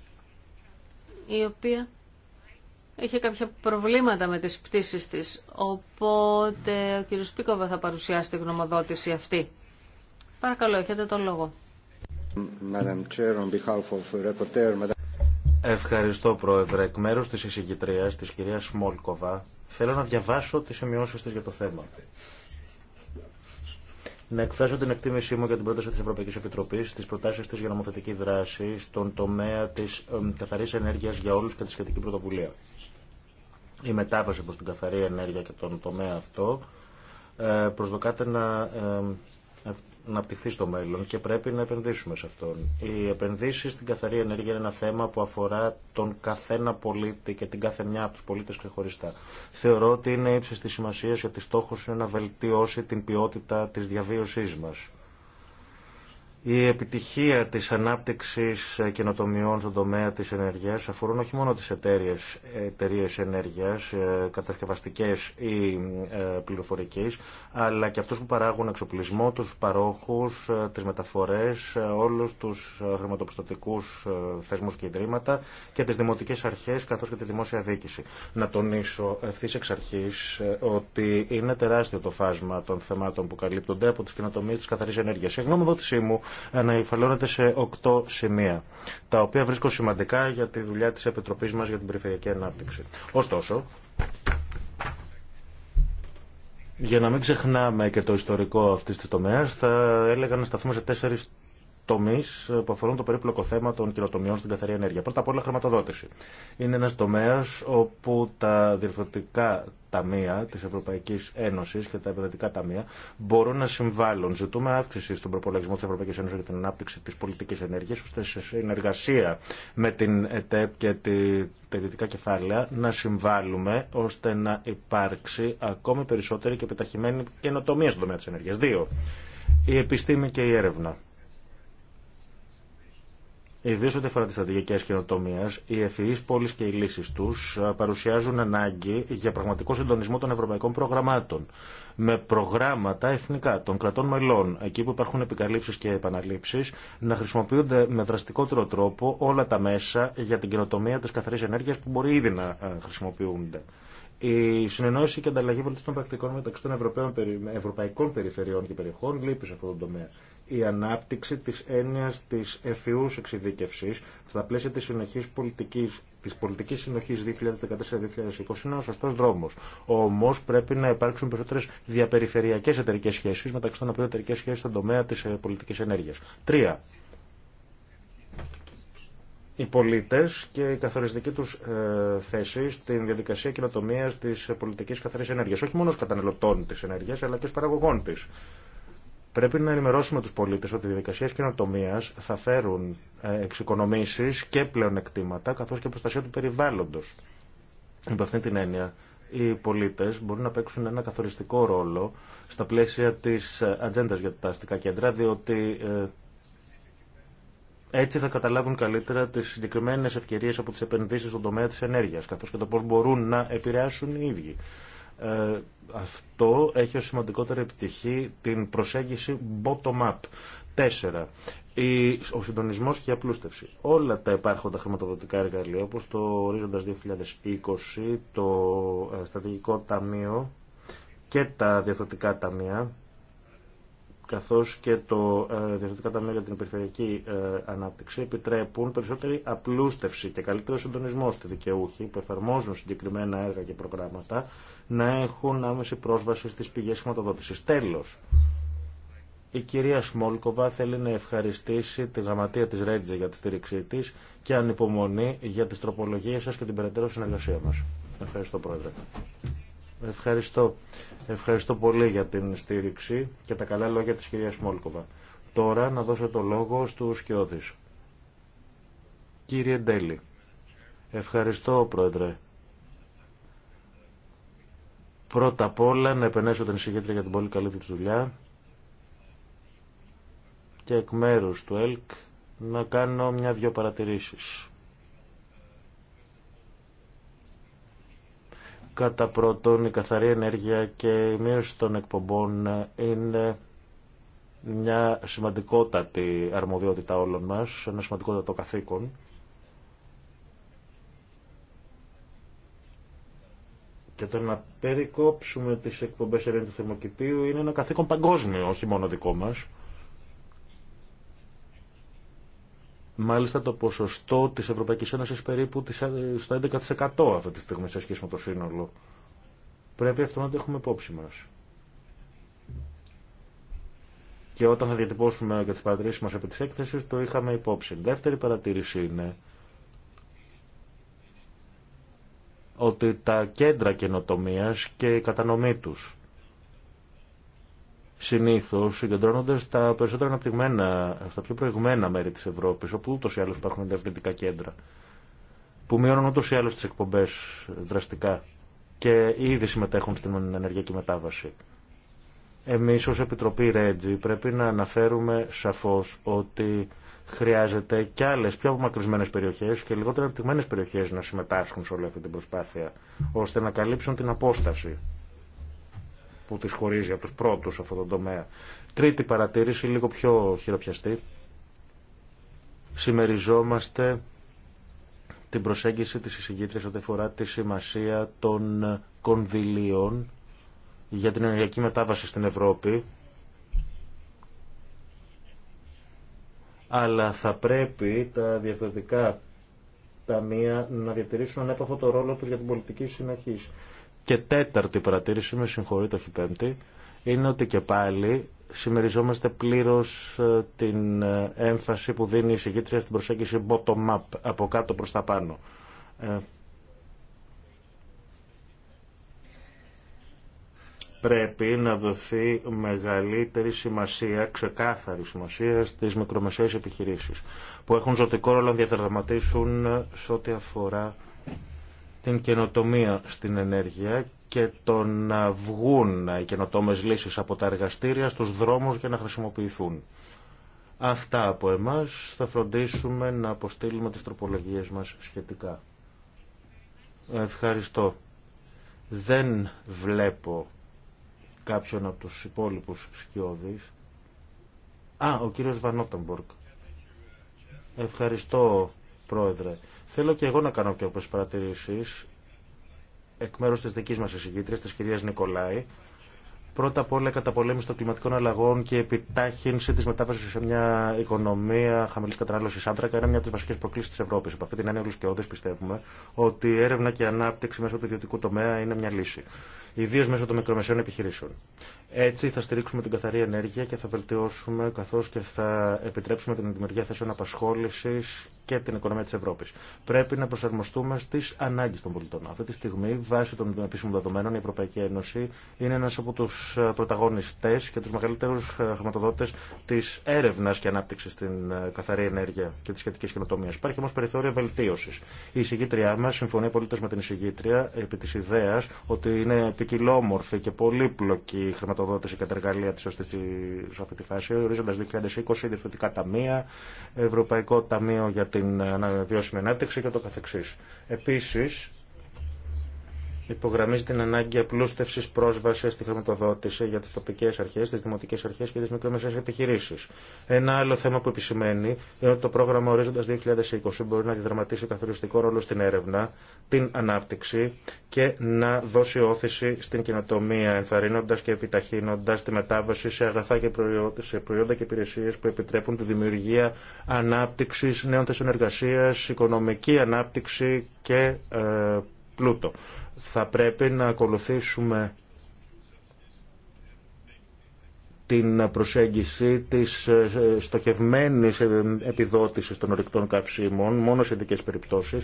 η οποία είχε κάποια προβλήματα με τις πτήσεις της, οπότε ο κύριος Πίκοβα θα παρουσιάσει τη γνωμοδότηση αυτή. Παρακαλώ, έχετε τον λόγο. Ευχαριστώ, Πρόεδρε. Εκ μέρου τη εισηγητρία, τη κυρία Μόλκοβα, θέλω να διαβάσω τι σημειώσει τη για το θέμα. Να εκφράσω την εκτίμησή μου για την πρόταση τη Ευρωπαϊκή Επιτροπή, τι προτάσει τη για νομοθετική δράση στον τομέα τη ε, καθαρή ενέργεια για όλου και τη σχετική πρωτοβουλία. Η μετάβαση προ την καθαρή ενέργεια και τον τομέα αυτό ε, προσδοκάται να ε, να απτυχθεί στο μέλλον και πρέπει να επενδύσουμε σε αυτόν. Οι επενδύσει στην καθαρή ενέργεια είναι ένα θέμα που αφορά τον καθένα πολίτη και την κάθε μια από του πολίτε ξεχωριστά. Θεωρώ ότι είναι ύψη τη σημασία γιατί στόχο είναι να βελτιώσει την ποιότητα τη διαβίωσή μα η επιτυχία της ανάπτυξης καινοτομιών στον τομέα της ενεργείας αφορούν όχι μόνο τις εταιρείες, εταιρείες ενέργειας, ε, κατασκευαστικές ή ε, πληροφορικής, αλλά και αυτούς που παράγουν εξοπλισμό, τους παρόχους, ε, τις μεταφορές, όλους τους χρηματοπιστωτικούς θεσμούς και ιδρύματα και τις δημοτικές αρχές καθώς και τη δημόσια δίκηση. Να τονίσω ευθύ εξ αρχής ότι είναι τεράστιο το φάσμα των θεμάτων που καλύπτονται από τις καινοτομίες της καθαρής ενέργειας. Η γνώμη μου να σε οκτώ σημεία, τα οποία βρίσκω σημαντικά για τη δουλειά της Επιτροπής μας για την Περιφερειακή Ανάπτυξη. Ωστόσο, για να μην ξεχνάμε και το ιστορικό αυτής της τομέας, θα έλεγα να σταθούμε σε τέσσερις τομεί που αφορούν το περίπλοκο θέμα των κοινοτομιών στην καθαρή ενέργεια. Πρώτα απ' όλα, χρηματοδότηση. Είναι ένα τομέα όπου τα διευθυντικά ταμεία τη Ευρωπαϊκή Ένωση και τα επενδυτικά ταμεία μπορούν να συμβάλλουν. Ζητούμε αύξηση στον προπολογισμό τη Ευρωπαϊκή Ένωση για την ανάπτυξη τη πολιτική ενέργεια, ώστε σε συνεργασία με την ΕΤΕΠ και τη, τα ιδιωτικά κεφάλαια να συμβάλλουμε ώστε να υπάρξει ακόμη περισσότερη και επιταχυμένη καινοτομία στον τομέα τη ενέργεια. Δύο, η επιστήμη και η έρευνα. Ιδίω ό,τι αφορά τι στρατηγικέ καινοτομίε, οι ευφυεί πόλει και οι λύσει του παρουσιάζουν ανάγκη για πραγματικό συντονισμό των ευρωπαϊκών προγραμμάτων. Με προγράμματα εθνικά των κρατών μελών, εκεί που υπάρχουν επικαλύψει και επαναλήψει, να χρησιμοποιούνται με δραστικότερο τρόπο όλα τα μέσα για την καινοτομία τη καθαρή ενέργεια που μπορεί ήδη να χρησιμοποιούνται. Η συνεννόηση και ανταλλαγή των πρακτικών μεταξύ των ευρωπαϊκών περιφερειών και περιοχών λείπει σε αυτό το τομέα η ανάπτυξη της έννοιας της εφιούς εξειδίκευσης στα πλαίσια της συνοχής πολιτικής της πολιτικής συνοχής 2014-2020 είναι ο σωστός δρόμος. Όμως πρέπει να υπάρξουν περισσότερες διαπεριφερειακές εταιρικές σχέσεις μεταξύ των οποίων εταιρικές σχέσεις στον τομέα της ε, πολιτικής ενέργειας. Τρία. Οι πολίτες και η καθοριστική τους ε, θέση στην διαδικασία κοινοτομίας της ε, πολιτικής καθαρής ενέργειας. Όχι μόνο ως καταναλωτών της ενέργειας αλλά και ως παραγωγών της. Πρέπει να ενημερώσουμε τους πολίτες ότι οι διαδικασίες καινοτομία θα φέρουν ε, εξοικονομήσεις και πλεονεκτήματα καθώς και προστασία του περιβάλλοντος. Υπό αυτή την έννοια οι πολίτες μπορούν να παίξουν ένα καθοριστικό ρόλο στα πλαίσια της ε, ατζέντα για τα αστικά κέντρα διότι ε, έτσι θα καταλάβουν καλύτερα τις συγκεκριμένες ευκαιρίες από τις επενδύσεις στον τομέα της ενέργειας καθώς και το πώς μπορούν να επηρεάσουν οι ίδιοι. Ε, αυτό έχει ως σημαντικότερη επιτυχή την προσέγγιση bottom-up. Τέσσερα. Ο συντονισμός και η απλούστευση. Όλα τα υπάρχοντα χρηματοδοτικά εργαλεία, όπως το ορίζοντας 2020, το ε, στρατηγικό ταμείο και τα διαθωτικά ταμεία, καθώς και το ε, Διευθυντικά Ταμείο για την Περιφερειακή Ανάπτυξη επιτρέπουν περισσότερη απλούστευση και καλύτερο συντονισμό στη δικαιούχη που εφαρμόζουν συγκεκριμένα έργα και προγράμματα να έχουν άμεση πρόσβαση στις πηγές χρηματοδότησης. Τέλος, η κυρία Σμόλκοβα θέλει να ευχαριστήσει τη γραμματεία της Ρέντζε για τη στήριξή της και ανυπομονή για τις τροπολογίες σας και την περαιτέρω συνεργασία μας. Ευχαριστώ Πρόεδρε. Ευχαριστώ. Ευχαριστώ πολύ για την στήριξη και τα καλά λόγια της κυρίας Σμόλκοβα. Τώρα να δώσω το λόγο στους Σκιώδης. Κύριε Ντέλη. Ευχαριστώ Πρόεδρε. Πρώτα απ' όλα να επενέσω την εισηγήτρια για την πολύ καλή της δουλειά και εκ μέρου του ΕΛΚ να κάνω μια-δυο παρατηρήσεις. Κατά πρώτον, η καθαρή ενέργεια και η μείωση των εκπομπών είναι μια σημαντικότατη αρμοδιότητα όλων μας, ένα σημαντικότατο καθήκον. Και το να περικόψουμε τις εκπομπές αερίων του θερμοκηπίου είναι ένα καθήκον παγκόσμιο, όχι μόνο δικό μας. Μάλιστα το ποσοστό της Ευρωπαϊκής Ένωσης περίπου ε, στο 11% αυτή τη στιγμή σε σχέση με το σύνολο. Πρέπει αυτό να το έχουμε υπόψη μας. Και όταν θα διατυπώσουμε για τις παρατηρήσεις μας επί της έκθεσης το είχαμε υπόψη. Δεύτερη παρατήρηση είναι ότι τα κέντρα καινοτομίας και η κατανομή τους συνήθως συγκεντρώνονται στα περισσότερα αναπτυγμένα, στα πιο προηγμένα μέρη της Ευρώπης, όπου ούτως ή άλλως υπάρχουν ερευνητικά κέντρα, που μειώνουν ούτως ή άλλως τις εκπομπές δραστικά και ήδη συμμετέχουν στην ενεργειακή μετάβαση. Εμείς ως Επιτροπή Ρέτζι πρέπει να αναφέρουμε σαφώς ότι χρειάζεται και άλλε πιο απομακρυσμένε περιοχές και λιγότερο αναπτυγμένε περιοχές να συμμετάσχουν σε όλη αυτή την προσπάθεια, ώστε να καλύψουν την απόσταση που τις χωρίζει από τους πρώτους σε αυτόν τον τομέα. Τρίτη παρατήρηση, λίγο πιο χειροπιαστή. Σημεριζόμαστε την προσέγγιση της εισηγήτριας ό,τι αφορά τη σημασία των κονδυλίων για την ενεργειακή μετάβαση στην Ευρώπη αλλά θα πρέπει τα διαφορετικά ταμεία να διατηρήσουν ανέπαφο το ρόλο τους για την πολιτική συνοχή. Και τέταρτη παρατήρηση, με συγχωρείτε το πέμπτη, είναι ότι και πάλι συμμεριζόμαστε πλήρως ε, την ε, έμφαση που δίνει η συγκήτρια στην προσέγγιση bottom-up, από κάτω προς τα πάνω. Ε, πρέπει να δοθεί μεγαλύτερη σημασία, ξεκάθαρη σημασία στις μικρομεσαίες επιχειρήσεις που έχουν ζωτικό ρόλο να διαδραματίσουν σε ό,τι αφορά την καινοτομία στην ενέργεια και το να βγουν οι καινοτόμε λύσεις από τα εργαστήρια στους δρόμους για να χρησιμοποιηθούν. Αυτά από εμάς θα φροντίσουμε να αποστείλουμε τις τροπολογίες μας σχετικά. Ευχαριστώ. Δεν βλέπω κάποιον από τους υπόλοιπους σκιώδεις. Α, ο κύριος Βανότεμπορκ. Ευχαριστώ, Πρόεδρε. Θέλω και εγώ να κάνω κάποιες παρατηρήσεις εκ μέρους της δικής μας εισηγήτριας, της κυρίας Νικολάη. Πρώτα απ' όλα η καταπολέμηση των κλιματικών αλλαγών και η επιτάχυνση τη μετάβαση σε μια οικονομία χαμηλή κατανάλωση άνθρακα είναι μια από τι βασικέ προκλήσει τη Ευρώπη. Από αυτή την έννοια, όλου και όδε πιστεύουμε ότι έρευνα και ανάπτυξη μέσω του ιδιωτικού τομέα είναι μια λύση ιδίω μέσω των μικρομεσαίων επιχειρήσεων. Έτσι θα στηρίξουμε την καθαρή ενέργεια και θα βελτιώσουμε καθώ και θα επιτρέψουμε την δημιουργία θέσεων απασχόληση και την οικονομία τη Ευρώπη. Πρέπει να προσαρμοστούμε στι ανάγκε των πολιτών. Αυτή τη στιγμή, βάσει των επίσημων δεδομένων, η Ευρωπαϊκή Ένωση είναι ένα από του πρωταγωνιστέ και του μεγαλύτερου χρηματοδότε τη έρευνα και ανάπτυξη στην καθαρή ενέργεια και τη σχετική καινοτομία. Υπάρχει όμω περιθώριο βελτίωση. Η εισηγήτριά μα συμφωνεί απολύτω με την εισηγήτρια επί τη ιδέα ότι είναι ποικιλόμορφη και πολύπλοκη χρηματοδότηση και τα εργαλεία τη ώστε σε αυτή τη φάση. Ορίζοντα 2020, διευθυντικά ταμεία, Ευρωπαϊκό Ταμείο για την Αναβιώσιμη ε, Ανάπτυξη και το καθεξής. Επίσης, υπογραμμίζει την ανάγκη απλούστευσης πρόσβασης στη χρηματοδότηση για τις τοπικές αρχές, τις δημοτικές αρχές και τις μικρομεσαίες επιχειρήσεις. Ένα άλλο θέμα που επισημαίνει είναι ότι το πρόγραμμα Ορίζοντας 2020 μπορεί να διδραματίσει καθοριστικό ρόλο στην έρευνα, την ανάπτυξη και να δώσει όθηση στην κοινοτομία, ενθαρρύνοντα και επιταχύνοντα τη μετάβαση σε αγαθά και προϊόντα, σε προϊόντα και υπηρεσίε που επιτρέπουν τη δημιουργία ανάπτυξη νέων θέσεων οικονομική ανάπτυξη και ε, πλούτο θα πρέπει να ακολουθήσουμε την προσέγγιση της ε, στοχευμένης ε, επιδότησης των ορυκτών καυσίμων μόνο σε ειδικέ περιπτώσεις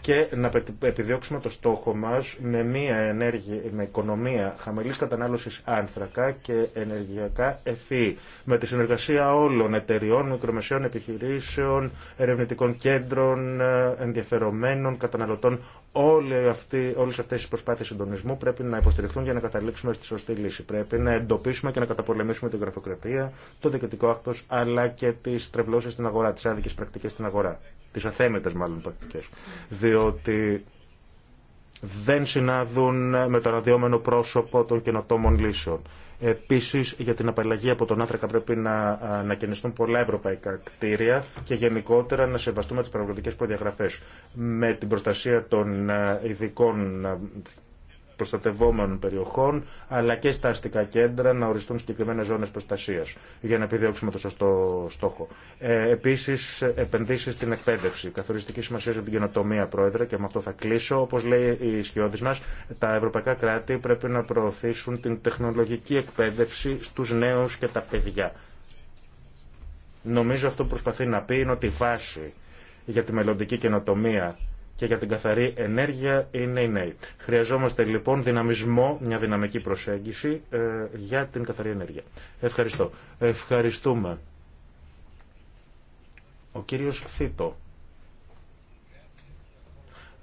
και να επιδιώξουμε το στόχο μας με μια ενέργεια, με οικονομία χαμηλής κατανάλωσης άνθρακα και ενεργειακά ευφύ, με τη συνεργασία όλων εταιριών, μικρομεσαίων επιχειρήσεων, ερευνητικών κέντρων, ε, ενδιαφερομένων, καταναλωτών. Όλες αυτές, όλες αυτές οι προσπάθειες συντονισμού πρέπει να υποστηριχθούν για να καταλήξουμε στη σωστή λύση. Πρέπει να εντοπίσουμε και να καταπολεμήσουμε την γραφειοκρατία, το διοικητικό άκτος, αλλά και τις τρευλώσεις στην αγορά, τις άδικες πρακτικές στην αγορά τις αθέμητες μάλλον πρακτικές. Διότι δεν συνάδουν με το αναδυόμενο πρόσωπο των καινοτόμων λύσεων. Επίση, για την απαλλαγή από τον άνθρακα πρέπει να ανακαινιστούν πολλά ευρωπαϊκά κτίρια και γενικότερα να σεβαστούμε τι πραγματικέ προδιαγραφέ. Με την προστασία των ειδικών προστατευόμενων περιοχών, αλλά και στα αστικά κέντρα να οριστούν συγκεκριμένε ζώνε προστασία για να επιδιώξουμε το σωστό στόχο. Ε, Επίση, επενδύσει στην εκπαίδευση. Καθοριστική σημασία για την καινοτομία, Πρόεδρε, και με αυτό θα κλείσω. Όπω λέει η ισχυώδη μα, τα ευρωπαϊκά κράτη πρέπει να προωθήσουν την τεχνολογική εκπαίδευση στου νέου και τα παιδιά. Νομίζω αυτό που προσπαθεί να πει είναι ότι η βάση για τη μελλοντική καινοτομία και για την καθαρή ενέργεια είναι οι νέοι. Χρειαζόμαστε λοιπόν δυναμισμό, μια δυναμική προσέγγιση ε, για την καθαρή ενέργεια. Ευχαριστώ. Ευχαριστούμε. Ο κύριος Θήτο.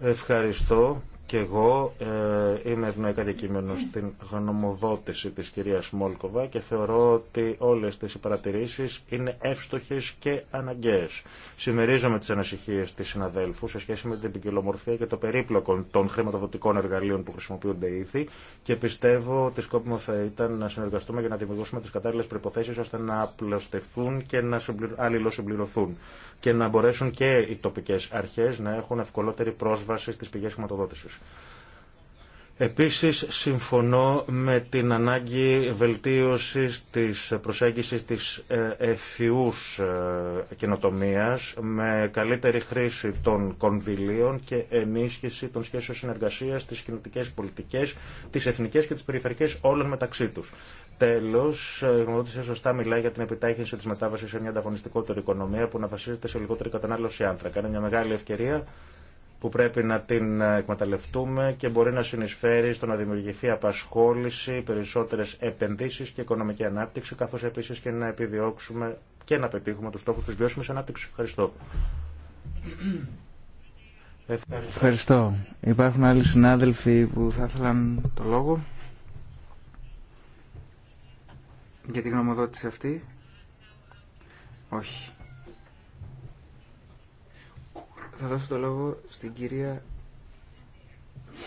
Ευχαριστώ, και εγώ ε, είναι ευνοϊκά δικείμενο στην γνωμοδότηση της κυρίας Μόλκοβα και θεωρώ ότι όλες τις παρατηρήσεις είναι εύστοχες και αναγκαίες. Συμμερίζομαι τις ανασυχίες της συναδέλφου σε σχέση με την ποικιλομορφία και το περίπλοκο των χρηματοδοτικών εργαλείων που χρησιμοποιούνται ήδη και πιστεύω ότι σκόπιμο θα ήταν να συνεργαστούμε για να δημιουργήσουμε τις κατάλληλες προϋποθέσεις ώστε να απλωστευτούν και να αλληλοσυμπληρωθούν και να μπορέσουν και οι τοπικές αρχές να έχουν ευκολότερη πρόσβαση στις πηγές χρηματοδότησης. Επίσης συμφωνώ με την ανάγκη βελτίωσης της προσέγγισης της ευφυούς ε, καινοτομίας με καλύτερη χρήση των κονδυλίων και ενίσχυση των σχέσεων συνεργασίας της κοινωτικές πολιτικές, τις εθνικές και τις περιφερικές όλων μεταξύ τους. Τέλο, ε, η γνωμοδότηση σωστά μιλάει για την επιτάχυνση τη μετάβασης σε μια ανταγωνιστικότερη οικονομία που να βασίζεται σε λιγότερη κατανάλωση άνθρακα. Είναι μια μεγάλη ευκαιρία που πρέπει να την ε, εκμεταλλευτούμε και μπορεί να συνεισφέρει στο να δημιουργηθεί απασχόληση, περισσότερες επενδύσεις και οικονομική ανάπτυξη, καθώς επίσης και να επιδιώξουμε και να πετύχουμε τους στόχους της βιώσιμης ανάπτυξης. Ευχαριστώ. Ευχαριστώ. Ευχαριστώ. Υπάρχουν άλλοι συνάδελφοι που θα ήθελαν το λόγο για τη γνωμοδότηση αυτή. Όχι. Θα δώσω το λόγο στην κυρία,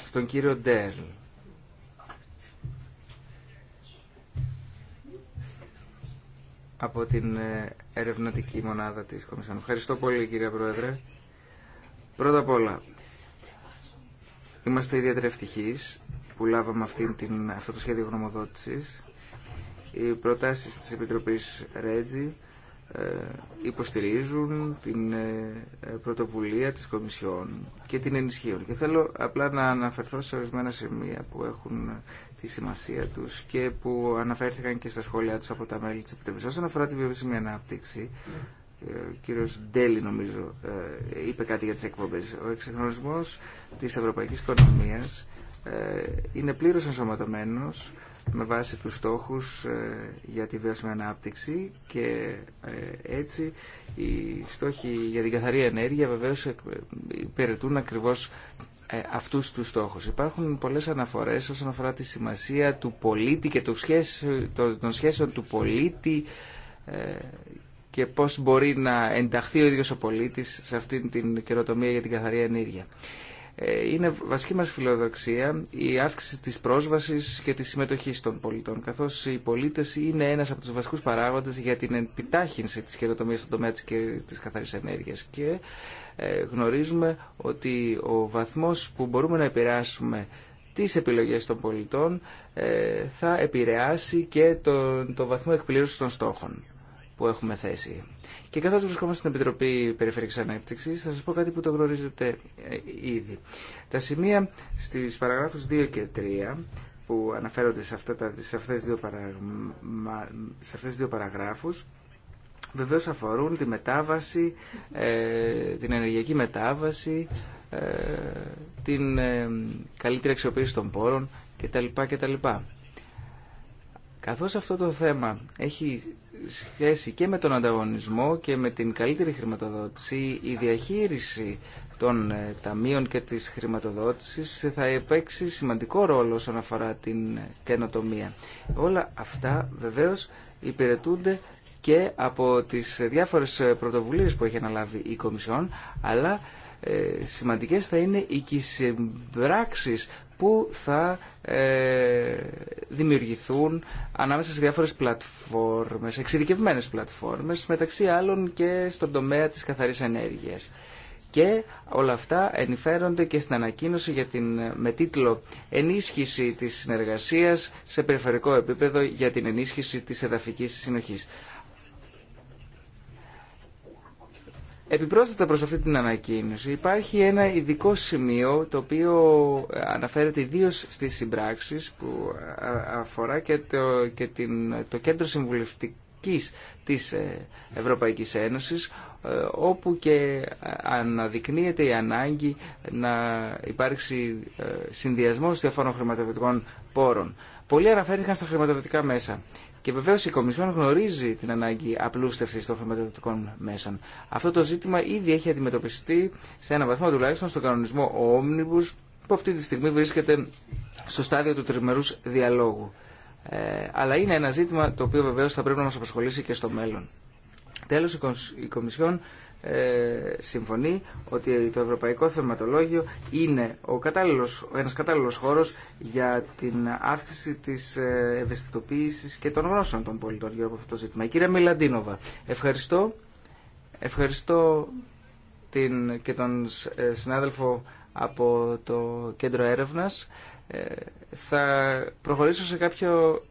στον κύριο Ντέρλ. από την ε, ερευνητική μονάδα της Κομισάνου. Ευχαριστώ πολύ κύριε Πρόεδρε. Πρώτα απ' όλα, είμαστε ιδιαίτερα ευτυχείς που λάβαμε αυτή την, αυτό το σχέδιο γνωμοδότησης. Οι προτάσεις της Επιτροπής Ρέτζη ε, υποστηρίζουν την ε, πρωτοβουλία της Κομισιόν και την ενισχύουν. Και θέλω απλά να αναφερθώ σε ορισμένα σημεία που έχουν ε, τη σημασία τους και που αναφέρθηκαν και στα σχόλιά τους από τα μέλη της Επιτροπής. Όσον αφορά τη βιώσιμη ανάπτυξη, ο κύριος Ντέλη νομίζω είπε κάτι για τις εκπομπές. Ο εξεγνωρισμός της ευρωπαϊκής οικονομίας είναι πλήρως ενσωματωμένος με βάση τους στόχους ε, για τη βιώσιμη ανάπτυξη και ε, έτσι οι στόχοι για την καθαρή ενέργεια βεβαίως ε, υπηρετούν ακριβώς αυτούς τους στόχους. Υπάρχουν πολλές αναφορές όσον αφορά τη σημασία του πολίτη και των σχέσεων του πολίτη και πώς μπορεί να ενταχθεί ο ίδιος ο πολίτης σε αυτήν την καινοτομία για την καθαρή ενέργεια είναι βασική μας φιλοδοξία η αύξηση της πρόσβασης και της συμμετοχής των πολιτών, καθώς οι πολίτες είναι ένας από τους βασικούς παράγοντες για την επιτάχυνση της καινοτομίας στον τομέα της καθαρής ενέργειας. Και ε, γνωρίζουμε ότι ο βαθμός που μπορούμε να επηρεάσουμε τις επιλογές των πολιτών ε, θα επηρεάσει και τον, το βαθμό εκπλήρωσης των στόχων που έχουμε θέσει. Και καθώς βρισκόμαστε στην Επιτροπή Περιφερειακής Ανάπτυξης, θα σας πω κάτι που το γνωρίζετε ε, ήδη. Τα σημεία στις παραγράφους 2 και 3 που αναφέρονται σε, αυτά τα, σε, αυτές, δύο παρα, σε αυτές δύο παραγράφους βεβαίως αφορούν τη μετάβαση, ε, την ενεργειακή μετάβαση, ε, την καλύτερη αξιοποίηση των πόρων κτλ. κτλ. Καθώς αυτό το θέμα έχει σχέση και με τον ανταγωνισμό και με την καλύτερη χρηματοδότηση, η διαχείριση των ε, ταμείων και της χρηματοδότησης θα επέξει σημαντικό ρόλο όσον αφορά την ε, καινοτομία. Όλα αυτά βεβαίως υπηρετούνται και από τις διάφορες πρωτοβουλίες που έχει αναλάβει η Κομισιόν, αλλά ε, σημαντικές θα είναι οι συμπράξεις που θα ε, δημιουργηθούν ανάμεσα σε διάφορες πλατφόρμες, εξειδικευμένες πλατφόρμες, μεταξύ άλλων και στον τομέα της καθαρής ενέργειας. Και όλα αυτά ενηφέρονται και στην ανακοίνωση για την, με τίτλο «Ενίσχυση της συνεργασίας σε περιφερειακό επίπεδο για την ενίσχυση της εδαφικής συνοχής». Επιπρόσθετα προς αυτή την ανακοίνωση υπάρχει ένα ειδικό σημείο το οποίο αναφέρεται ιδίω στις συμπράξεις που αφορά και το, και την, το κέντρο συμβουλευτικής της ε, Ευρωπαϊκής Ένωσης ε, όπου και αναδεικνύεται η ανάγκη να υπάρξει ε, συνδυασμός διαφόρων χρηματοδοτικών πόρων. Πολλοί αναφέρθηκαν στα χρηματοδοτικά μέσα. Και βεβαίω η Κομισιόν γνωρίζει την ανάγκη απλούστευση των χρηματοδοτικών μέσων. Αυτό το ζήτημα ήδη έχει αντιμετωπιστεί σε ένα βαθμό τουλάχιστον στον κανονισμό Omnibus που αυτή τη στιγμή βρίσκεται στο στάδιο του τριμερούς διαλόγου. Ε, αλλά είναι ένα ζήτημα το οποίο βεβαίως θα πρέπει να μας απασχολήσει και στο μέλλον. Τέλο η Κομισιόν ε, συμφωνεί ότι το ευρωπαϊκό θεματολόγιο είναι ο κατάλληλος, ένας κατάλληλος χώρος για την αύξηση της ε, ευαισθητοποίησης και των γνώσεων των πολιτών για αυτό το ζήτημα. Η κυρία Μιλαντίνοβα, ευχαριστώ. Ευχαριστώ την, και τον ε, συνάδελφο από το Κέντρο Έρευνας. Ε, θα προχωρήσω σε κάποιο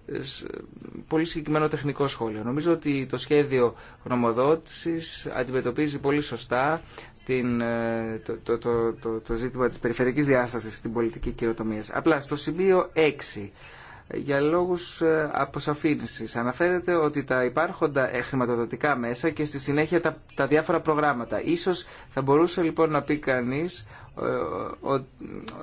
πολύ συγκεκριμένο τεχνικό σχόλιο. Νομίζω ότι το σχέδιο γνωμοδότησης αντιμετωπίζει πολύ σωστά την, ε, το, το, το, το, ζήτημα της περιφερειακής διάστασης στην πολιτική κυριοτομίας. Απλά στο σημείο 6 για λόγους ε, αποσαφήνισης. Αναφέρεται ότι τα υπάρχοντα χρηματοδοτικά μέσα και στη συνέχεια τα, τα διάφορα προγράμματα. Ίσως θα μπορούσε λοιπόν να πει κανείς ε,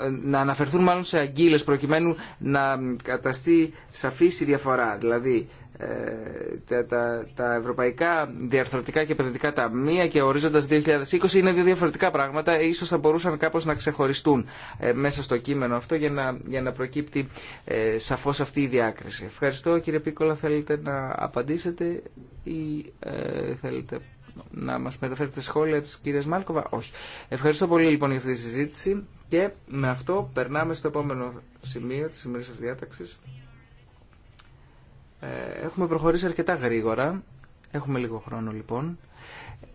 ε, να αναφερθούν μάλλον σε αγγείλες προκειμένου να καταστεί σαφής η διαφορά. Δηλαδή ε, τα, τα, τα ευρωπαϊκά διαρθρωτικά και επενδυτικά ταμεία και ορίζοντας 2020 είναι δύο διαφορετικά πράγματα. Ίσως θα μπορούσαν κάπως να ξεχωριστούν ε, μέσα στο κείμενο αυτό για να, για να προκύπτει ε, σαφώς αυτή η διάκριση. Ευχαριστώ κύριε Πίκολα. Θέλετε να απαντήσετε ή ε, θέλετε να μας μεταφέρετε σχόλια τη κυρία Μάλκοβα. Όχι. Ευχαριστώ πολύ λοιπόν για αυτή τη συζήτηση και με αυτό περνάμε στο επόμενο σημείο τη σημερινή διάταξη. Ε, έχουμε προχωρήσει αρκετά γρήγορα. Έχουμε λίγο χρόνο λοιπόν.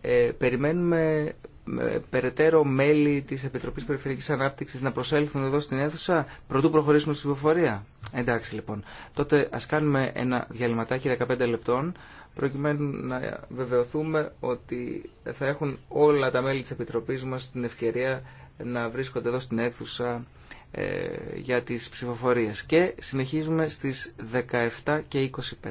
Ε, περιμένουμε ε, περαιτέρω μέλη τη Επιτροπή Περιφερειακή Ανάπτυξη να προσέλθουν εδώ στην αίθουσα προτού προχωρήσουμε στην ψηφοφορία. Εντάξει λοιπόν. Τότε α κάνουμε ένα διαλυματάκι 15 λεπτών προκειμένου να βεβαιωθούμε ότι θα έχουν όλα τα μέλη της Επιτροπής μας την ευκαιρία να βρίσκονται εδώ στην αίθουσα ε, για τις ψηφοφορίες. Και συνεχίζουμε στις 17 και 25.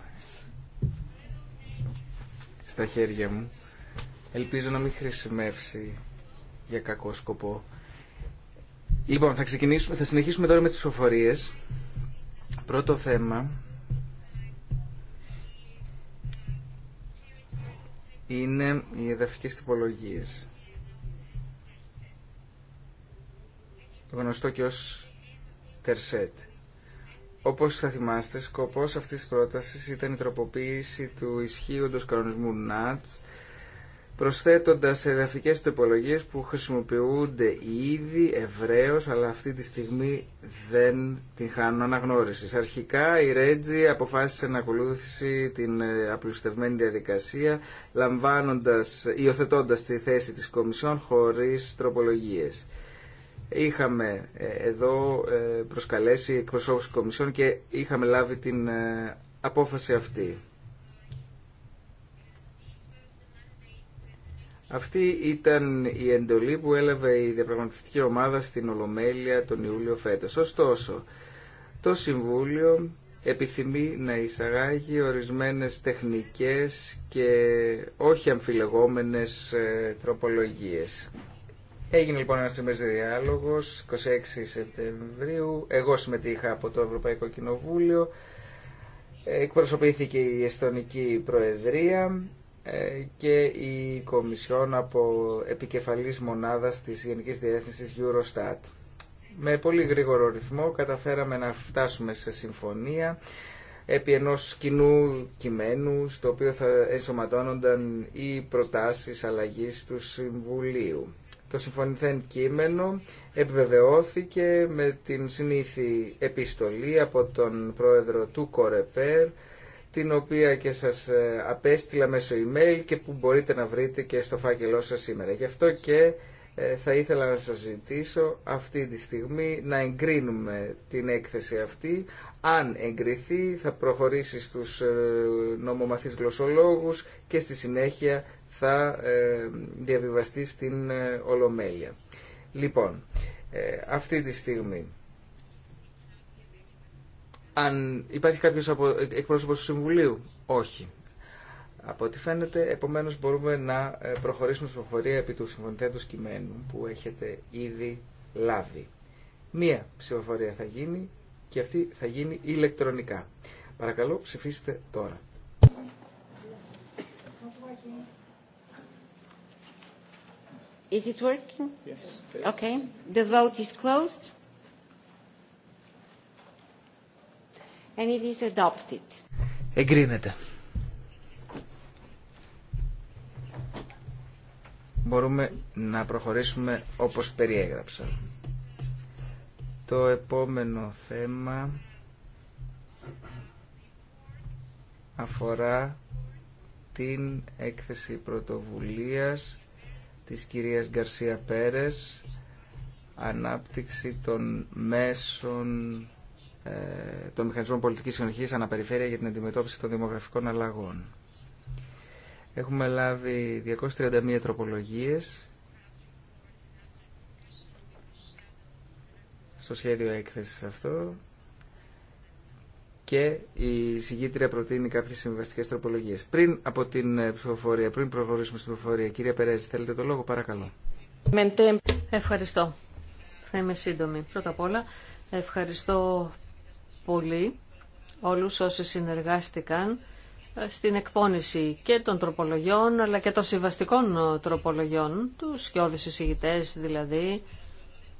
στα χέρια μου. Ελπίζω να μην χρησιμεύσει για κακό σκοπό. Λοιπόν, θα, ξεκινήσουμε, θα συνεχίσουμε τώρα με τις ψηφοφορίες. Πρώτο θέμα είναι οι εδαφικές τυπολογίες. Γνωστό και ως τερσέτ. Όπως θα θυμάστε, σκοπός αυτής της πρότασης ήταν η τροποποίηση του ισχύοντος κανονισμού ΝΑΤΣ, προσθέτοντας εδαφικές τοπολογίες που χρησιμοποιούνται ήδη ευρέως, αλλά αυτή τη στιγμή δεν την χάνουν αναγνώρισης. Αρχικά η Ρέτζη αποφάσισε να ακολούθησει την ε, απλουστευμένη διαδικασία, λαμβάνοντας, υιοθετώντας τη θέση της Κομισιόν χωρίς τροπολογίες. Είχαμε ε, εδώ ε, προσκαλέσει εκπροσώπους της και είχαμε λάβει την ε, απόφαση αυτή. Αυτή ήταν η εντολή που έλαβε η διαπραγματευτική ομάδα στην Ολομέλεια τον Ιούλιο φέτος. Ωστόσο, το Συμβούλιο επιθυμεί να εισαγάγει ορισμένες τεχνικές και όχι αμφιλεγόμενες τροπολογίες. Έγινε λοιπόν ένα τριμερής Διάλογο 26 Σεπτεμβρίου. Εγώ συμμετείχα από το Ευρωπαϊκό Κοινοβούλιο. Ε, εκπροσωπήθηκε η Εστονική Προεδρία ε, και η Κομισιόν από επικεφαλής μονάδας της Γενικής Διεύθυνσης Eurostat. Με πολύ γρήγορο ρυθμό καταφέραμε να φτάσουμε σε συμφωνία επί ενός κοινού κειμένου στο οποίο θα ενσωματώνονταν οι προτάσεις αλλαγής του Συμβουλίου. Το συμφωνηθέν κείμενο επιβεβαιώθηκε με την συνήθη επιστολή από τον πρόεδρο του Κορεπέρ, την οποία και σας ε, απέστειλα μέσω email και που μπορείτε να βρείτε και στο φάκελό σας σήμερα. Γι' αυτό και ε, θα ήθελα να σας ζητήσω αυτή τη στιγμή να εγκρίνουμε την έκθεση αυτή. Αν εγκριθεί θα προχωρήσει στους ε, νομομαθείς γλωσσολόγους και στη συνέχεια θα ε, διαβιβαστεί στην ε, Ολομέλεια. Λοιπόν, ε, αυτή τη στιγμή αν υπάρχει κάποιος από, εκπρόσωπος του Συμβουλίου, όχι. Από ό,τι φαίνεται, επομένως μπορούμε να προχωρήσουμε στην προφορία επί του συμφωνηθέντου κειμένου που έχετε ήδη λάβει. Μία ψηφοφορία θα γίνει και αυτή θα γίνει ηλεκτρονικά. Παρακαλώ ψηφίστε τώρα. Is The is closed. And Εγκρίνεται. Μπορούμε να προχωρήσουμε όπως περιέγραψα. Το επόμενο θέμα αφορά την έκθεση πρωτοβουλίας της κυρίας Γκαρσία Πέρες ανάπτυξη των μέσων ε, των μηχανισμών πολιτικής συνοχής αναπεριφέρεια για την αντιμετώπιση των δημογραφικών αλλαγών. Έχουμε λάβει 231 τροπολογίες στο σχέδιο έκθεσης αυτό και η συγκήτρια προτείνει κάποιε συμβαστικέ τροπολογίε. Πριν από την ε, ψηφοφορία, πριν προχωρήσουμε στην ψηφοφορία, κυρία Περέζη, θέλετε το λόγο, παρακαλώ. Ευχαριστώ. Θα είμαι σύντομη. Πρώτα απ' όλα, ευχαριστώ πολύ όλους όσοι συνεργάστηκαν ε, στην εκπόνηση και των τροπολογιών αλλά και των συμβαστικών ε, τροπολογιών, τους και εισηγητές δηλαδή,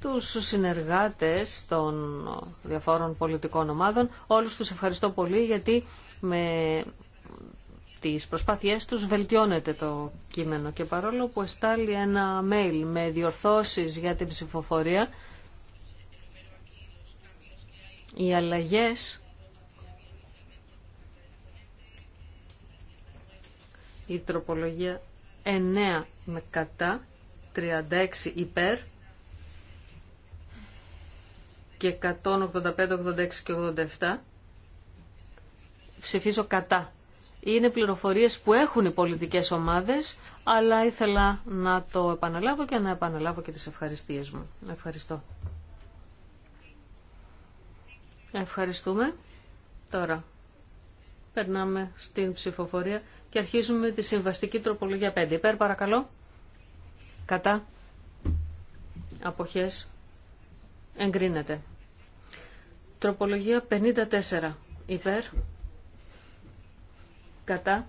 τους συνεργάτες των διαφόρων πολιτικών ομάδων. Όλους τους ευχαριστώ πολύ γιατί με τις προσπάθειές τους βελτιώνεται το κείμενο και παρόλο που εστάλει ένα mail με διορθώσεις για την ψηφοφορία οι αλλαγές η τροπολογία 9 με κατά 36 υπέρ και 185, 86 και 87 ψηφίζω κατά. Είναι πληροφορίες που έχουν οι πολιτικές ομάδες, αλλά ήθελα να το επαναλάβω και να επαναλάβω και τις ευχαριστίες μου. Ευχαριστώ. Ευχαριστούμε. Τώρα περνάμε στην ψηφοφορία και αρχίζουμε τη συμβαστική τροπολογία 5. Υπέρ παρακαλώ. Κατά. Αποχές. Εγκρίνεται. Τροπολογία 54. Υπέρ. Κατά.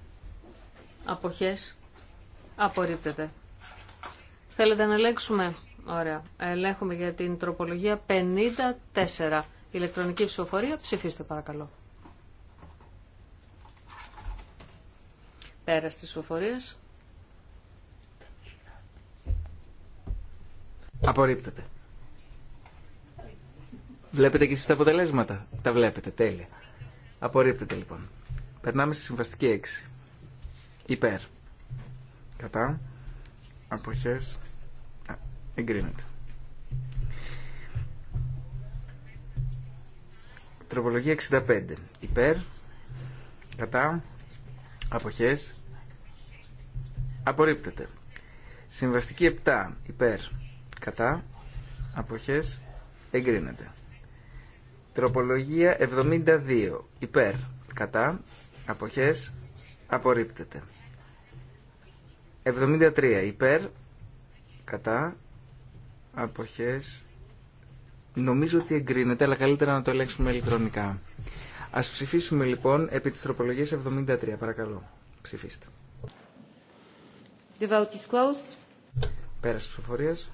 Αποχές. Απορρίπτεται. Θέλετε να ελέγξουμε. Ωραία. Ελέγχουμε για την τροπολογία 54. Ηλεκτρονική ψηφοφορία. Ψηφίστε παρακαλώ. Πέρας της ψηφοφορίας. Απορρίπτεται. Βλέπετε και εσείς τα αποτελέσματα. Τα βλέπετε, τέλεια. Απορρίπτεται λοιπόν. Περνάμε στη συμβαστική 6. Υπέρ. Κατά. Αποχές. εγκρίνεται. Τροπολογία 65. Υπέρ. Κατά. Αποχές. Απορρίπτεται. Συμβαστική 7. Υπέρ. Κατά. Αποχές. Εγκρίνεται. Τροπολογία 72. Υπέρ. Κατά. Αποχές. Απορρίπτεται. 73. Υπέρ. Κατά. Αποχές. Νομίζω ότι εγκρίνεται, αλλά καλύτερα να το ελέγξουμε ηλεκτρονικά. Ας ψηφίσουμε λοιπόν επί της τροπολογίας 73. Παρακαλώ. Ψηφίστε. The vote is closed. ψηφοφορίας.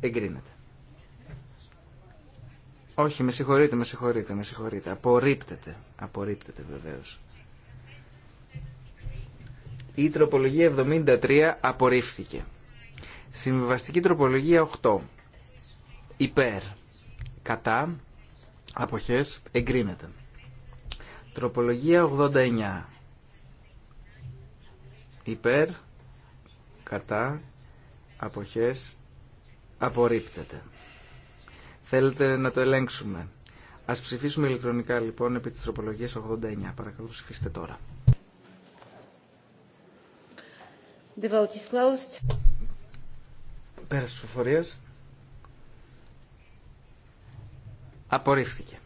Εγκρίνεται. Όχι, με συγχωρείτε, με συγχωρείτε, με συγχωρείτε. Απορρίπτεται. Απορρίπτεται βεβαίω. Η τροπολογία 73 απορρίφθηκε. Συμβιβαστική τροπολογία 8. Υπέρ. Κατά. Αποχές. Εγκρίνεται. Τροπολογία 89. Υπέρ. Κατά. Αποχές. Απορρίπτεται. Θέλετε να το ελέγξουμε. Α ψηφίσουμε ηλεκτρονικά λοιπόν επί της τροπολογία 89. Παρακαλώ ψηφίστε τώρα. The vote is closed. Απορρίφθηκε.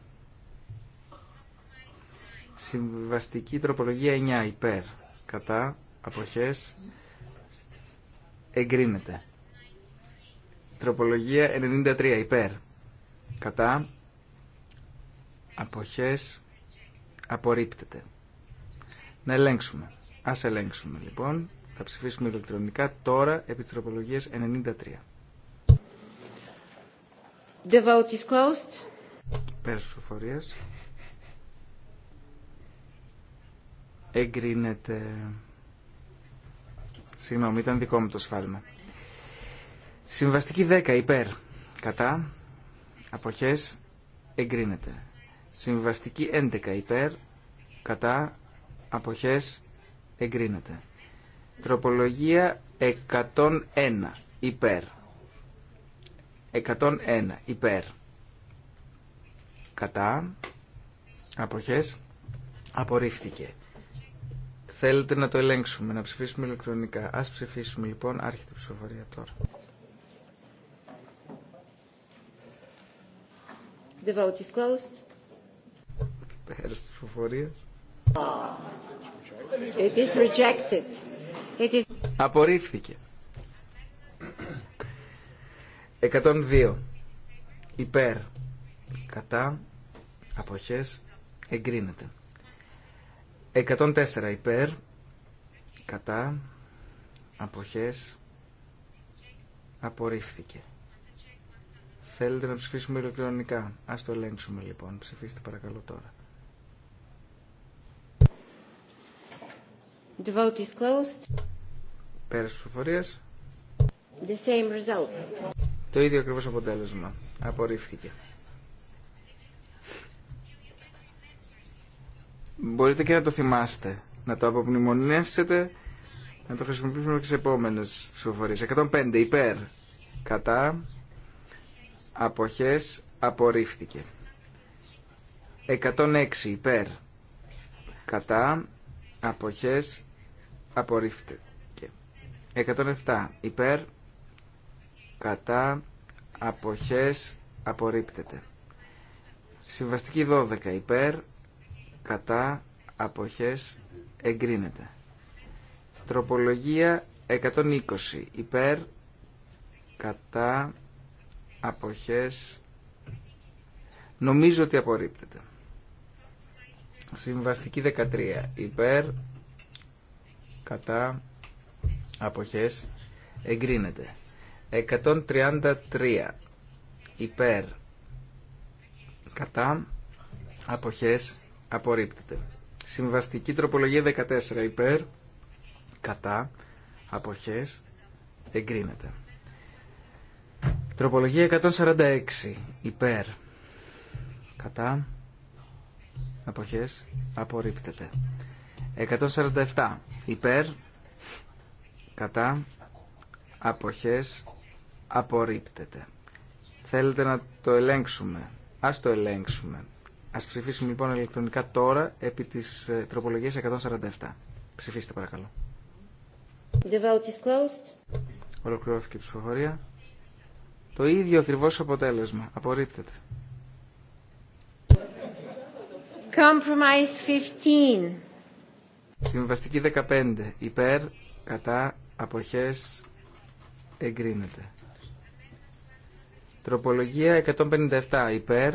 Συμβαστική τροπολογία 9 υπέρ. Κατά αποχές εγκρίνεται. Τροπολογία 93 υπέρ κατά αποχές απορρίπτεται. Να ελέγξουμε. Ας ελέγξουμε λοιπόν. Θα ψηφίσουμε ηλεκτρονικά τώρα επί της τροπολογίας 93. The vote is closed. Εγκρίνεται. Συγγνώμη, ήταν δικό μου το σφάλμα. Συμβαστική 10 υπέρ. Κατά αποχές εγκρίνεται. Συμβαστική 11 υπέρ, κατά, αποχές εγκρίνεται. Τροπολογία 101 υπέρ. 101 υπέρ. Κατά, αποχές απορρίφθηκε. Θέλετε να το ελέγξουμε, να ψηφίσουμε ηλεκτρονικά. Ας ψηφίσουμε λοιπόν, άρχεται ψηφοφορία τώρα. The vote is It is rejected. Απορρίφθηκε. 102. Υπέρ. Κατά. Αποχές. Εγκρίνεται. 104. Υπέρ. Κατά. Αποχές. Απορρίφθηκε. Θέλετε να ψηφίσουμε ηλεκτρονικά. Ας το ελέγξουμε λοιπόν. Ψηφίστε παρακαλώ τώρα. The vote is closed. The same result. Το ίδιο ακριβώς αποτέλεσμα. Απορρίφθηκε. Μπορείτε και να το θυμάστε. Να το απομνημονεύσετε. Να το χρησιμοποιήσουμε και σε επόμενες ψηφοφορίες. 105 υπέρ. Κατά αποχές απορρίφθηκε. 106 υπέρ κατά αποχές απορρίφθηκε. 107 υπέρ κατά αποχές απορρίπτεται. Συμβαστική 12 υπέρ κατά αποχές εγκρίνεται. Τροπολογία 120 υπέρ κατά αποχές νομίζω ότι απορρίπτεται συμβαστική 13 υπέρ κατά αποχές εγκρίνεται 133 υπέρ κατά αποχές απορρίπτεται συμβαστική τροπολογία 14 υπέρ κατά αποχές εγκρίνεται Τροπολογία 146. Υπέρ. Κατά. Αποχές. Απορρίπτεται. 147. Υπέρ. Κατά. Αποχές. Απορρίπτεται. Θέλετε να το ελέγξουμε. Ας το ελέγξουμε. Ας ψηφίσουμε λοιπόν ηλεκτρονικά τώρα επί της ε, τροπολογίας 147. Ψηφίστε παρακαλώ. The vote is closed. Ολοκληρώθηκε η ψηφοφορία. Το ίδιο ακριβώς αποτέλεσμα. Απορρίπτεται. Compromise 15. Συμβαστική 15. Υπέρ, κατά, αποχές, εγκρίνεται. Τροπολογία 157. Υπέρ,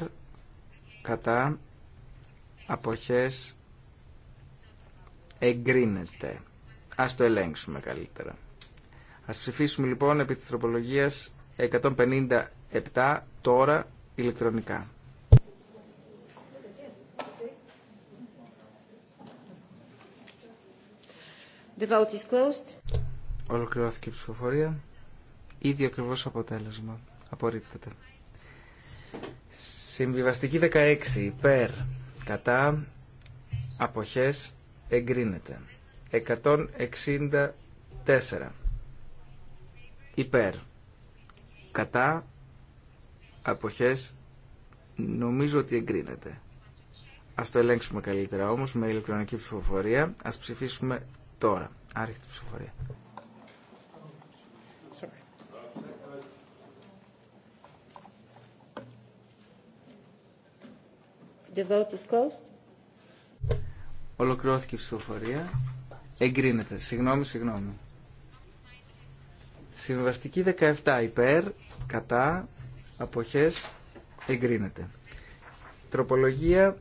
κατά, αποχές, εγκρίνεται. Ας το ελέγξουμε καλύτερα. Ας ψηφίσουμε λοιπόν επί της τροπολογίας 157 τώρα ηλεκτρονικά. The vote is closed. Ολοκληρώθηκε η ψηφοφορία. Ήδη ακριβώς αποτέλεσμα. Απορρίπτεται. Συμβιβαστική 16. Υπέρ. Κατά. Αποχές. Εγκρίνεται. 164. Υπέρ κατά αποχές νομίζω ότι εγκρίνεται. Ας το ελέγξουμε καλύτερα όμως με ηλεκτρονική ψηφοφορία. Ας ψηφίσουμε τώρα. Άρχεται ψηφοφορία. The vote is Ολοκληρώθηκε η ψηφοφορία. Εγκρίνεται. Συγγνώμη, συγγνώμη. Συμβαστική 17 υπέρ, κατά, αποχές, εγκρίνεται. Τροπολογία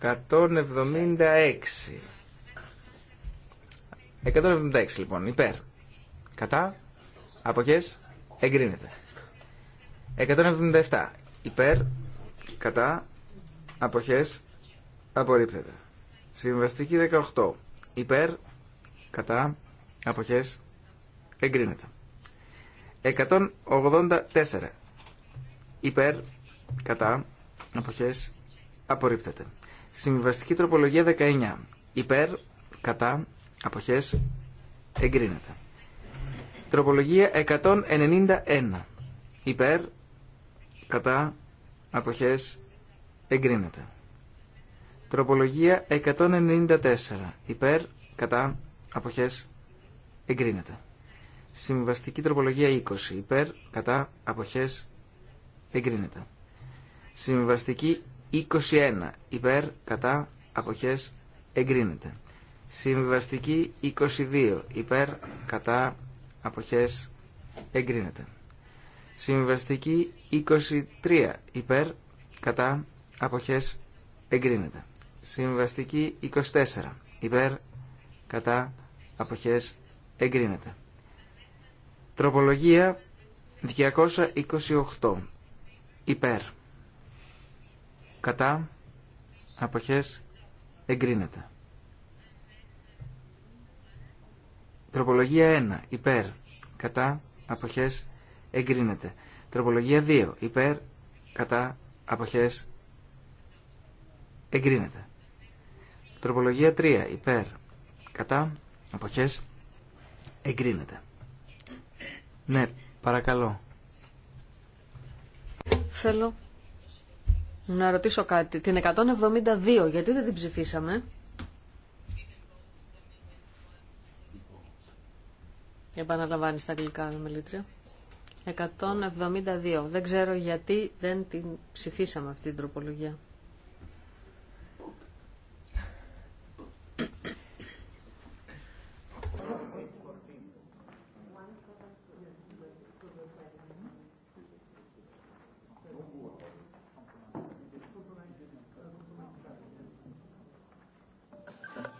176. 176 λοιπόν, υπέρ. Κατά, αποχές, εγκρίνεται. 177 υπέρ, κατά, αποχές, απορρίπτεται. Συμβαστική 18. Υπέρ, κατά, αποχές, εγκρίνεται. 184. Υπέρ, κατά, αποχές, απορρίπτεται. Συμβαστική τροπολογία 19. Υπέρ, κατά, αποχές, εγκρίνεται. Τροπολογία 191. Υπέρ, κατά, αποχές, εγκρίνεται. Τροπολογία 194. Υπέρ, κατά, αποχές, εγκρίνεται. Συμβαστική τροπολογία 20. Υπέρ, κατά, αποχές, εγκρίνεται. Συμβαστική 21. Υπέρ, κατά, αποχές, εγκρίνεται. Συμβαστική 22. Υπέρ, κατά, αποχές, εγκρίνεται. Συμβαστική 23. Υπέρ, κατά, αποχές, εγκρίνεται. Συμβαστική 24. Υπέρ, κατά, αποχές, εγκρίνεται. Τροπολογία 228. Υπέρ, κατά, αποχές, εγκρίνεται. Τροπολογία 1. Υπέρ, κατά, αποχές, εγκρίνεται. Τροπολογία 2. Υπέρ, κατά, αποχές, εγκρίνεται. Τροπολογία 3. Υπέρ. Κατά. Αποχές. Εγκρίνεται. Ναι, παρακαλώ. Θέλω να ρωτήσω κάτι. Την 172, γιατί δεν την ψηφίσαμε. Επαναλαμβάνει στα αγγλικά, μελήτρια. 172. Δεν ξέρω γιατί δεν την ψηφίσαμε αυτή την τροπολογία.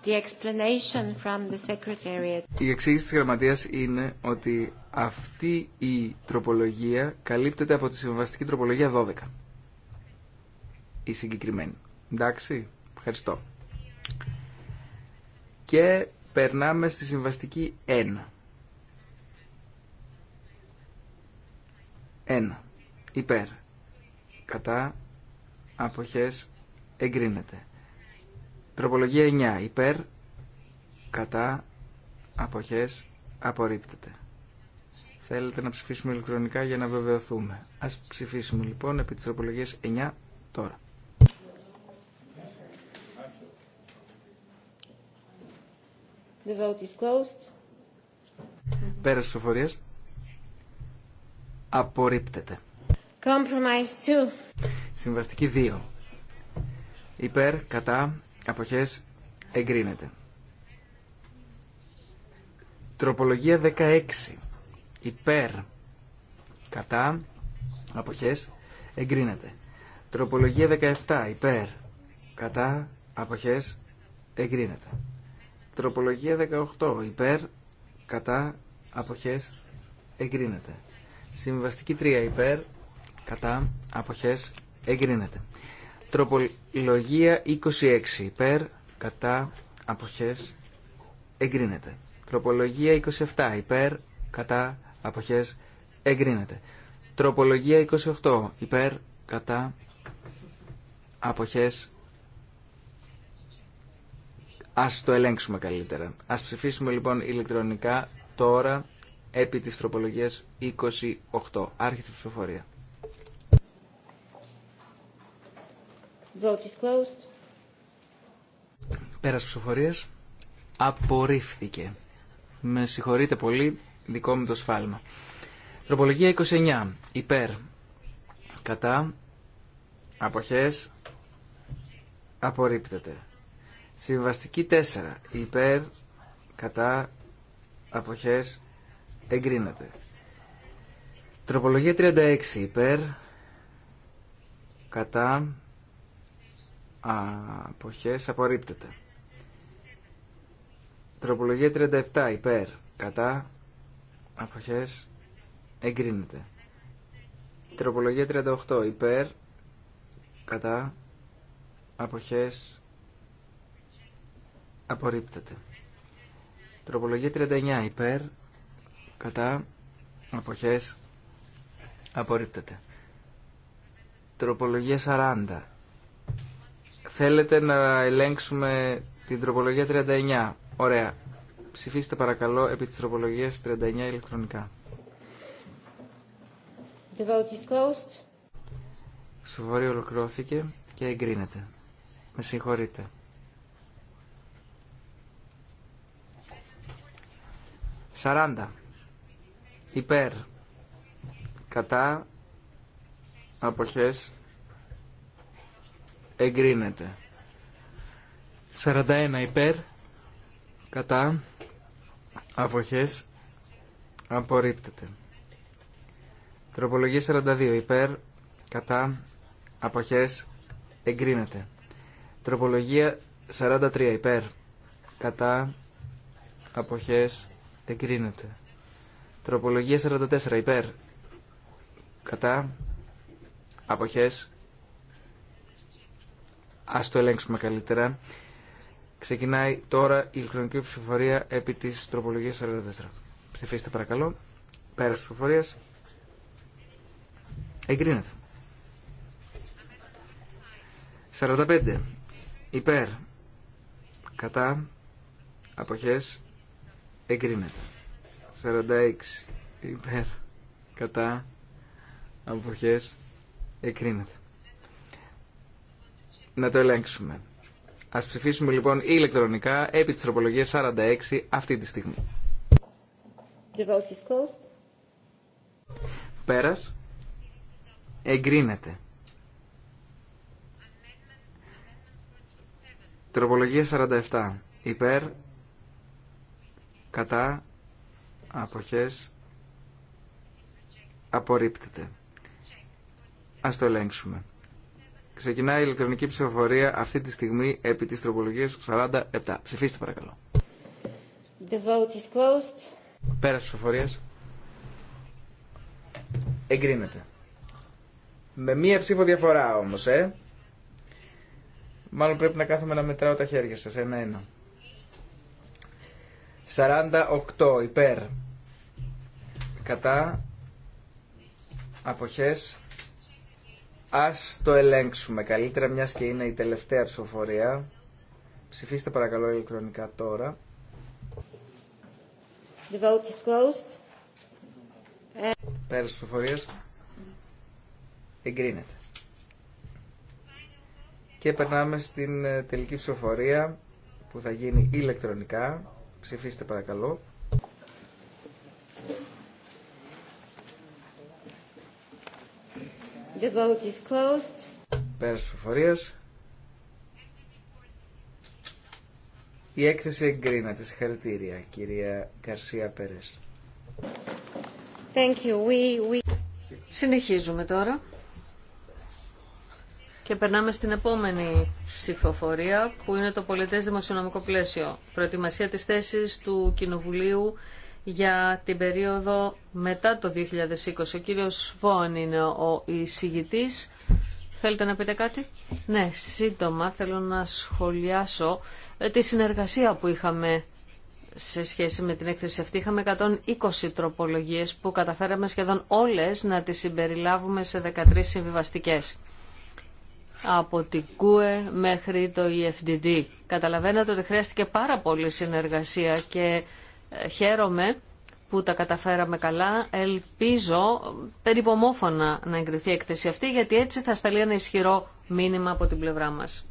The explanation from the Secretariat. Η εξήγηση της Γραμματείας είναι ότι αυτή η τροπολογία καλύπτεται από τη συμβαστική τροπολογία 12. Η συγκεκριμένη. Εντάξει, ευχαριστώ. Και περνάμε στη συμβαστική 1. 1. Υπέρ. Κατά. Αποχές. Εγκρίνεται. Τροπολογία 9. Υπέρ, κατά, αποχές, απορρίπτεται. Θέλετε να ψηφίσουμε ηλεκτρονικά για να βεβαιωθούμε. Ας ψηφίσουμε λοιπόν επί της τροπολογίας 9 τώρα. The vote is closed. Απορρίπτεται. Compromise 2. Συμβαστική 2. Υπέρ, κατά, αποχές εγκρίνεται. Τροπολογία 16. Υπέρ. Κατά. Αποχές. Εγκρίνεται. Τροπολογία 17. Υπέρ. Κατά. Αποχές. Εγκρίνεται. Τροπολογία 18. Υπέρ. Κατά. Αποχές. Εγκρίνεται. Συμβαστική 3. Υπέρ. Κατά. Αποχές. Εγκρίνεται. Τροπολογία 26 υπέρ, κατά, αποχές, εγκρίνεται. Τροπολογία 27 υπέρ, κατά, αποχές, εγκρίνεται. Τροπολογία 28 υπέρ, κατά, αποχές, ας το ελέγξουμε καλύτερα. Ας ψηφίσουμε λοιπόν ηλεκτρονικά τώρα επί της τροπολογίας 28. Άρχεται η ψηφοφορία. Vote is Πέρας Απορρίφθηκε. Με συγχωρείτε πολύ, δικό μου το σφάλμα. Τροπολογία 29. Υπέρ. Κατά. Αποχές. Απορρίπτεται. Συμβαστική 4. Υπέρ. Κατά. Αποχές. Εγκρίνεται. Τροπολογία 36. Υπέρ. Κατά αποχές απορρίπτεται. Τροπολογία 37 υπέρ κατά αποχές εγκρίνεται. Τροπολογία 38 υπέρ κατά αποχές απορρίπτεται. Τροπολογία 39 υπέρ κατά αποχές απορρίπτεται. Τροπολογία 40 Θέλετε να ελέγξουμε την τροπολογία 39. Ωραία. Ψηφίστε παρακαλώ επί της τροπολογίας 39 ηλεκτρονικά. The vote is closed. ολοκληρώθηκε και εγκρίνεται. Με συγχωρείτε. Σαράντα. Υπέρ. Κατά. Αποχές εγκρίνεται. 41 υπέρ, κατά, αποχές, απορρίπτεται. Τροπολογία 42 υπέρ, κατά, αποχές, εγκρίνεται. Τροπολογία 43 υπέρ, κατά, αποχές, εγκρίνεται. Τροπολογία 44 υπέρ, κατά, αποχές, Ας το ελέγξουμε καλύτερα. Ξεκινάει τώρα η ηλεκτρονική ψηφοφορία επί της τροπολογίας 44. Ψηφίστε παρακαλώ. Πέρας ψηφοφορίας. Εγκρίνεται. 45. Υπέρ. Κατά. Αποχές. Εγκρίνεται. 46. Υπέρ. Κατά. Αποχές. Εγκρίνεται να το ελέγξουμε. Ας ψηφίσουμε λοιπόν ηλεκτρονικά επί της τροπολογίας 46 αυτή τη στιγμή. Πέρα. Πέρας. Εγκρίνεται. Τροπολογία 47. Υπέρ. Κατά. Αποχές. Απορρίπτεται. Ας το ελέγξουμε. Ξεκινάει η ηλεκτρονική ψηφοφορία αυτή τη στιγμή επί της τροπολογίας 47. Ψηφίστε παρακαλώ. The vote is closed. Πέρας ψηφοφορίας. Εγκρίνεται. Με μία ψήφο διαφορά όμως, ε. Μάλλον πρέπει να κάθομαι να μετράω τα χέρια σας, ένα-ένα. 48 υπέρ. Κατά. Αποχές Ας το ελέγξουμε καλύτερα, μιας και είναι η τελευταία ψηφοφορία. Ψηφίστε παρακαλώ ηλεκτρονικά τώρα. The vote is closed. ψηφοφορίας. Εγκρίνεται. Και περνάμε στην ε, τελική ψηφοφορία που θα γίνει ηλεκτρονικά. Ψηφίστε παρακαλώ. The vote is Η έκθεση της Συγχαρητήρια, κυρία Καρσία Πέρες. Thank you. We, we... Συνεχίζουμε τώρα. Και περνάμε στην επόμενη ψηφοφορία που είναι το πολιτές δημοσιονομικό πλαίσιο. Προετοιμασία της θέσης του Κοινοβουλίου για την περίοδο μετά το 2020. Ο κύριος Βόν είναι ο εισηγητής. Θέλετε να πείτε κάτι? Ναι, σύντομα θέλω να σχολιάσω ε, τη συνεργασία που είχαμε σε σχέση με την έκθεση αυτή. Είχαμε 120 τροπολογίες που καταφέραμε σχεδόν όλες να τις συμπεριλάβουμε σε 13 συμβιβαστικές. Από την ΚΟΕ μέχρι το EFDD. Καταλαβαίνετε ότι χρειάστηκε πάρα πολύ συνεργασία και ε, χαίρομαι που τα καταφέραμε καλά. Ελπίζω περιπομόφωνα να εγκριθεί η έκθεση αυτή, γιατί έτσι θα σταλεί ένα ισχυρό μήνυμα από την πλευρά μας.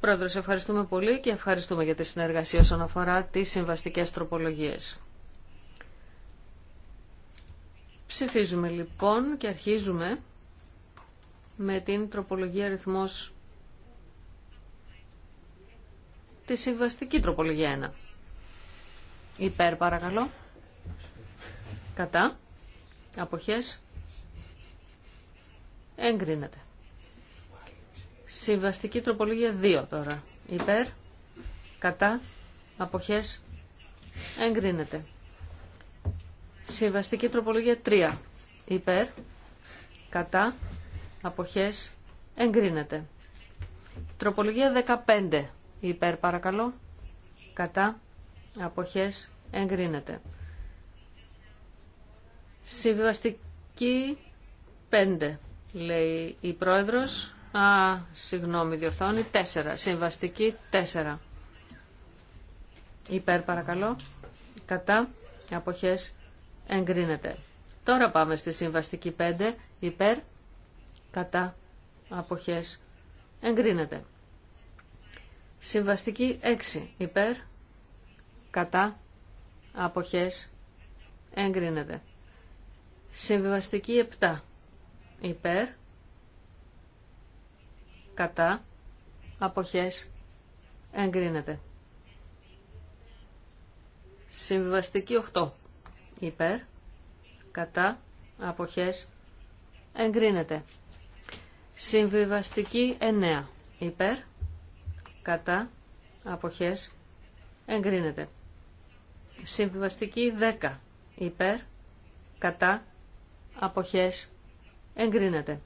Πρόεδρε, ευχαριστούμε πολύ και ευχαριστούμε για τη συνεργασία όσον αφορά τις συμβαστικές τροπολογίες. Ψηφίζουμε λοιπόν και αρχίζουμε με την τροπολογία ρυθμός τη συμβαστική τροπολογία 1. Υπέρ παρακαλώ. Κατά. Αποχές. Εγκρίνεται. Συμβαστική τροπολογία 2 τώρα. Υπέρ. Κατά. Αποχές. Εγκρίνεται. Συμβαστική τροπολογία 3. Υπέρ. Κατά. Αποχές. Εγκρίνεται. Τροπολογία 15. Υπέρ παρακαλώ. Κατά αποχές εγκρίνεται. Συμβιβαστική 5 λέει η πρόεδρος. Α, συγγνώμη, διορθώνει. 4. Συμβαστική 4. Υπέρ παρακαλώ. Κατά αποχές εγκρίνεται. Τώρα πάμε στη συμβαστική 5. Υπέρ κατά αποχές εγκρίνεται. Συμβαστική 6. Υπέρ κατά, αποχές, εγκρίνεται. Συμβιβαστική 7. Υπέρ, κατά, αποχές, εγκρίνεται. Συμβιβαστική 8. Υπέρ, κατά, αποχές, εγκρίνεται. Συμβιβαστική 9. Υπέρ, κατά, αποχές, εγκρίνεται. Συμβιβαστική 10 υπέρ, κατά, αποχές, εγκρίνεται.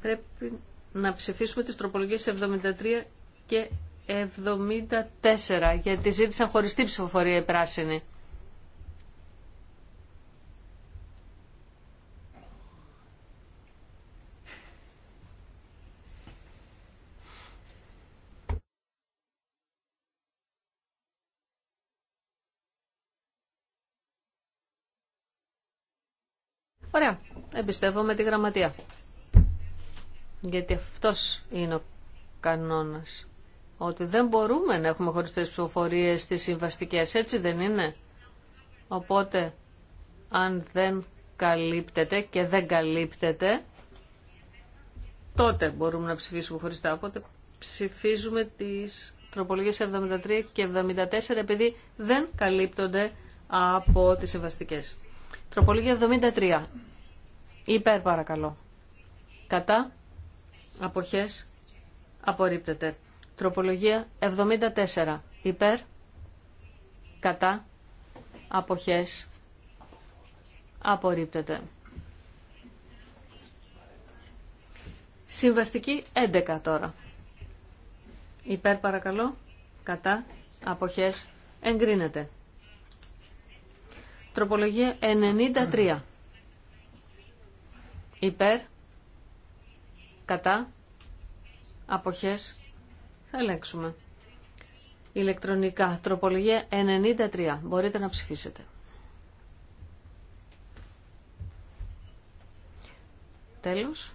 Πρέπει να ψηφίσουμε τις τροπολογίες 73 και 74, γιατί ζήτησαν χωριστή ψηφοφορία οι πράσινοι. Ωραία. Εμπιστεύομαι τη γραμματεία. Γιατί αυτός είναι ο κανόνας. Ότι δεν μπορούμε να έχουμε χωριστές ψηφοφορίες στις συμβαστικές. Έτσι δεν είναι. Οπότε, αν δεν καλύπτεται και δεν καλύπτεται, τότε μπορούμε να ψηφίσουμε χωριστά. Οπότε ψηφίζουμε τις τροπολογίες 73 και 74 επειδή δεν καλύπτονται από τις συμβαστικές. Τροπολογία 73. Υπέρ παρακαλώ. Κατά. Αποχές. Απορρίπτεται. Τροπολογία 74. Υπέρ. Κατά. Αποχές. Απορρίπτεται. Συμβαστική 11 τώρα. Υπέρ παρακαλώ. Κατά. Αποχές. Εγκρίνεται. Τροπολογία 93. Υπέρ, κατά, αποχές, θα ελέγξουμε. Ηλεκτρονικά, τροπολογία 93. Μπορείτε να ψηφίσετε. Τέλος.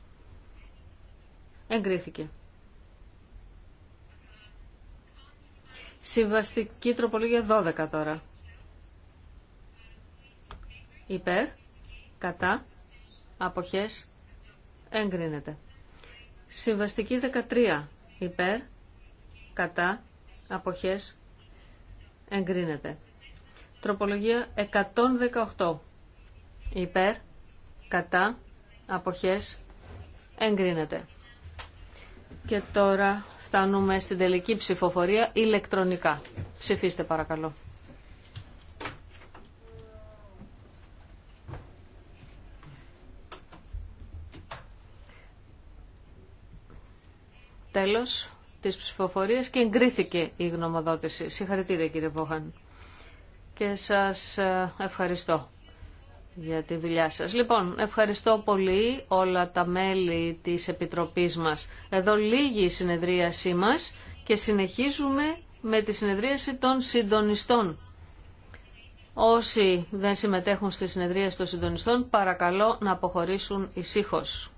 Εγκρίθηκε. Συμβαστική τροπολογία 12 τώρα υπέρ, κατά, αποχές, εγκρίνεται. Συμβαστική 13 υπέρ, κατά, αποχές, εγκρίνεται. Τροπολογία 118 υπέρ, κατά, αποχές, εγκρίνεται. Και τώρα φτάνουμε στην τελική ψηφοφορία ηλεκτρονικά. Ψηφίστε παρακαλώ. τέλος της ψηφοφορίας και εγκρίθηκε η γνωμοδότηση. Συγχαρητήρια κύριε Βόχαν. Και σας ε, ευχαριστώ για τη δουλειά σας. Λοιπόν, ευχαριστώ πολύ όλα τα μέλη της Επιτροπής μας. Εδώ λίγη η συνεδρίασή μας και συνεχίζουμε με τη συνεδρίαση των συντονιστών. Όσοι δεν συμμετέχουν στη συνεδρίαση των συντονιστών, παρακαλώ να αποχωρήσουν ησύχως.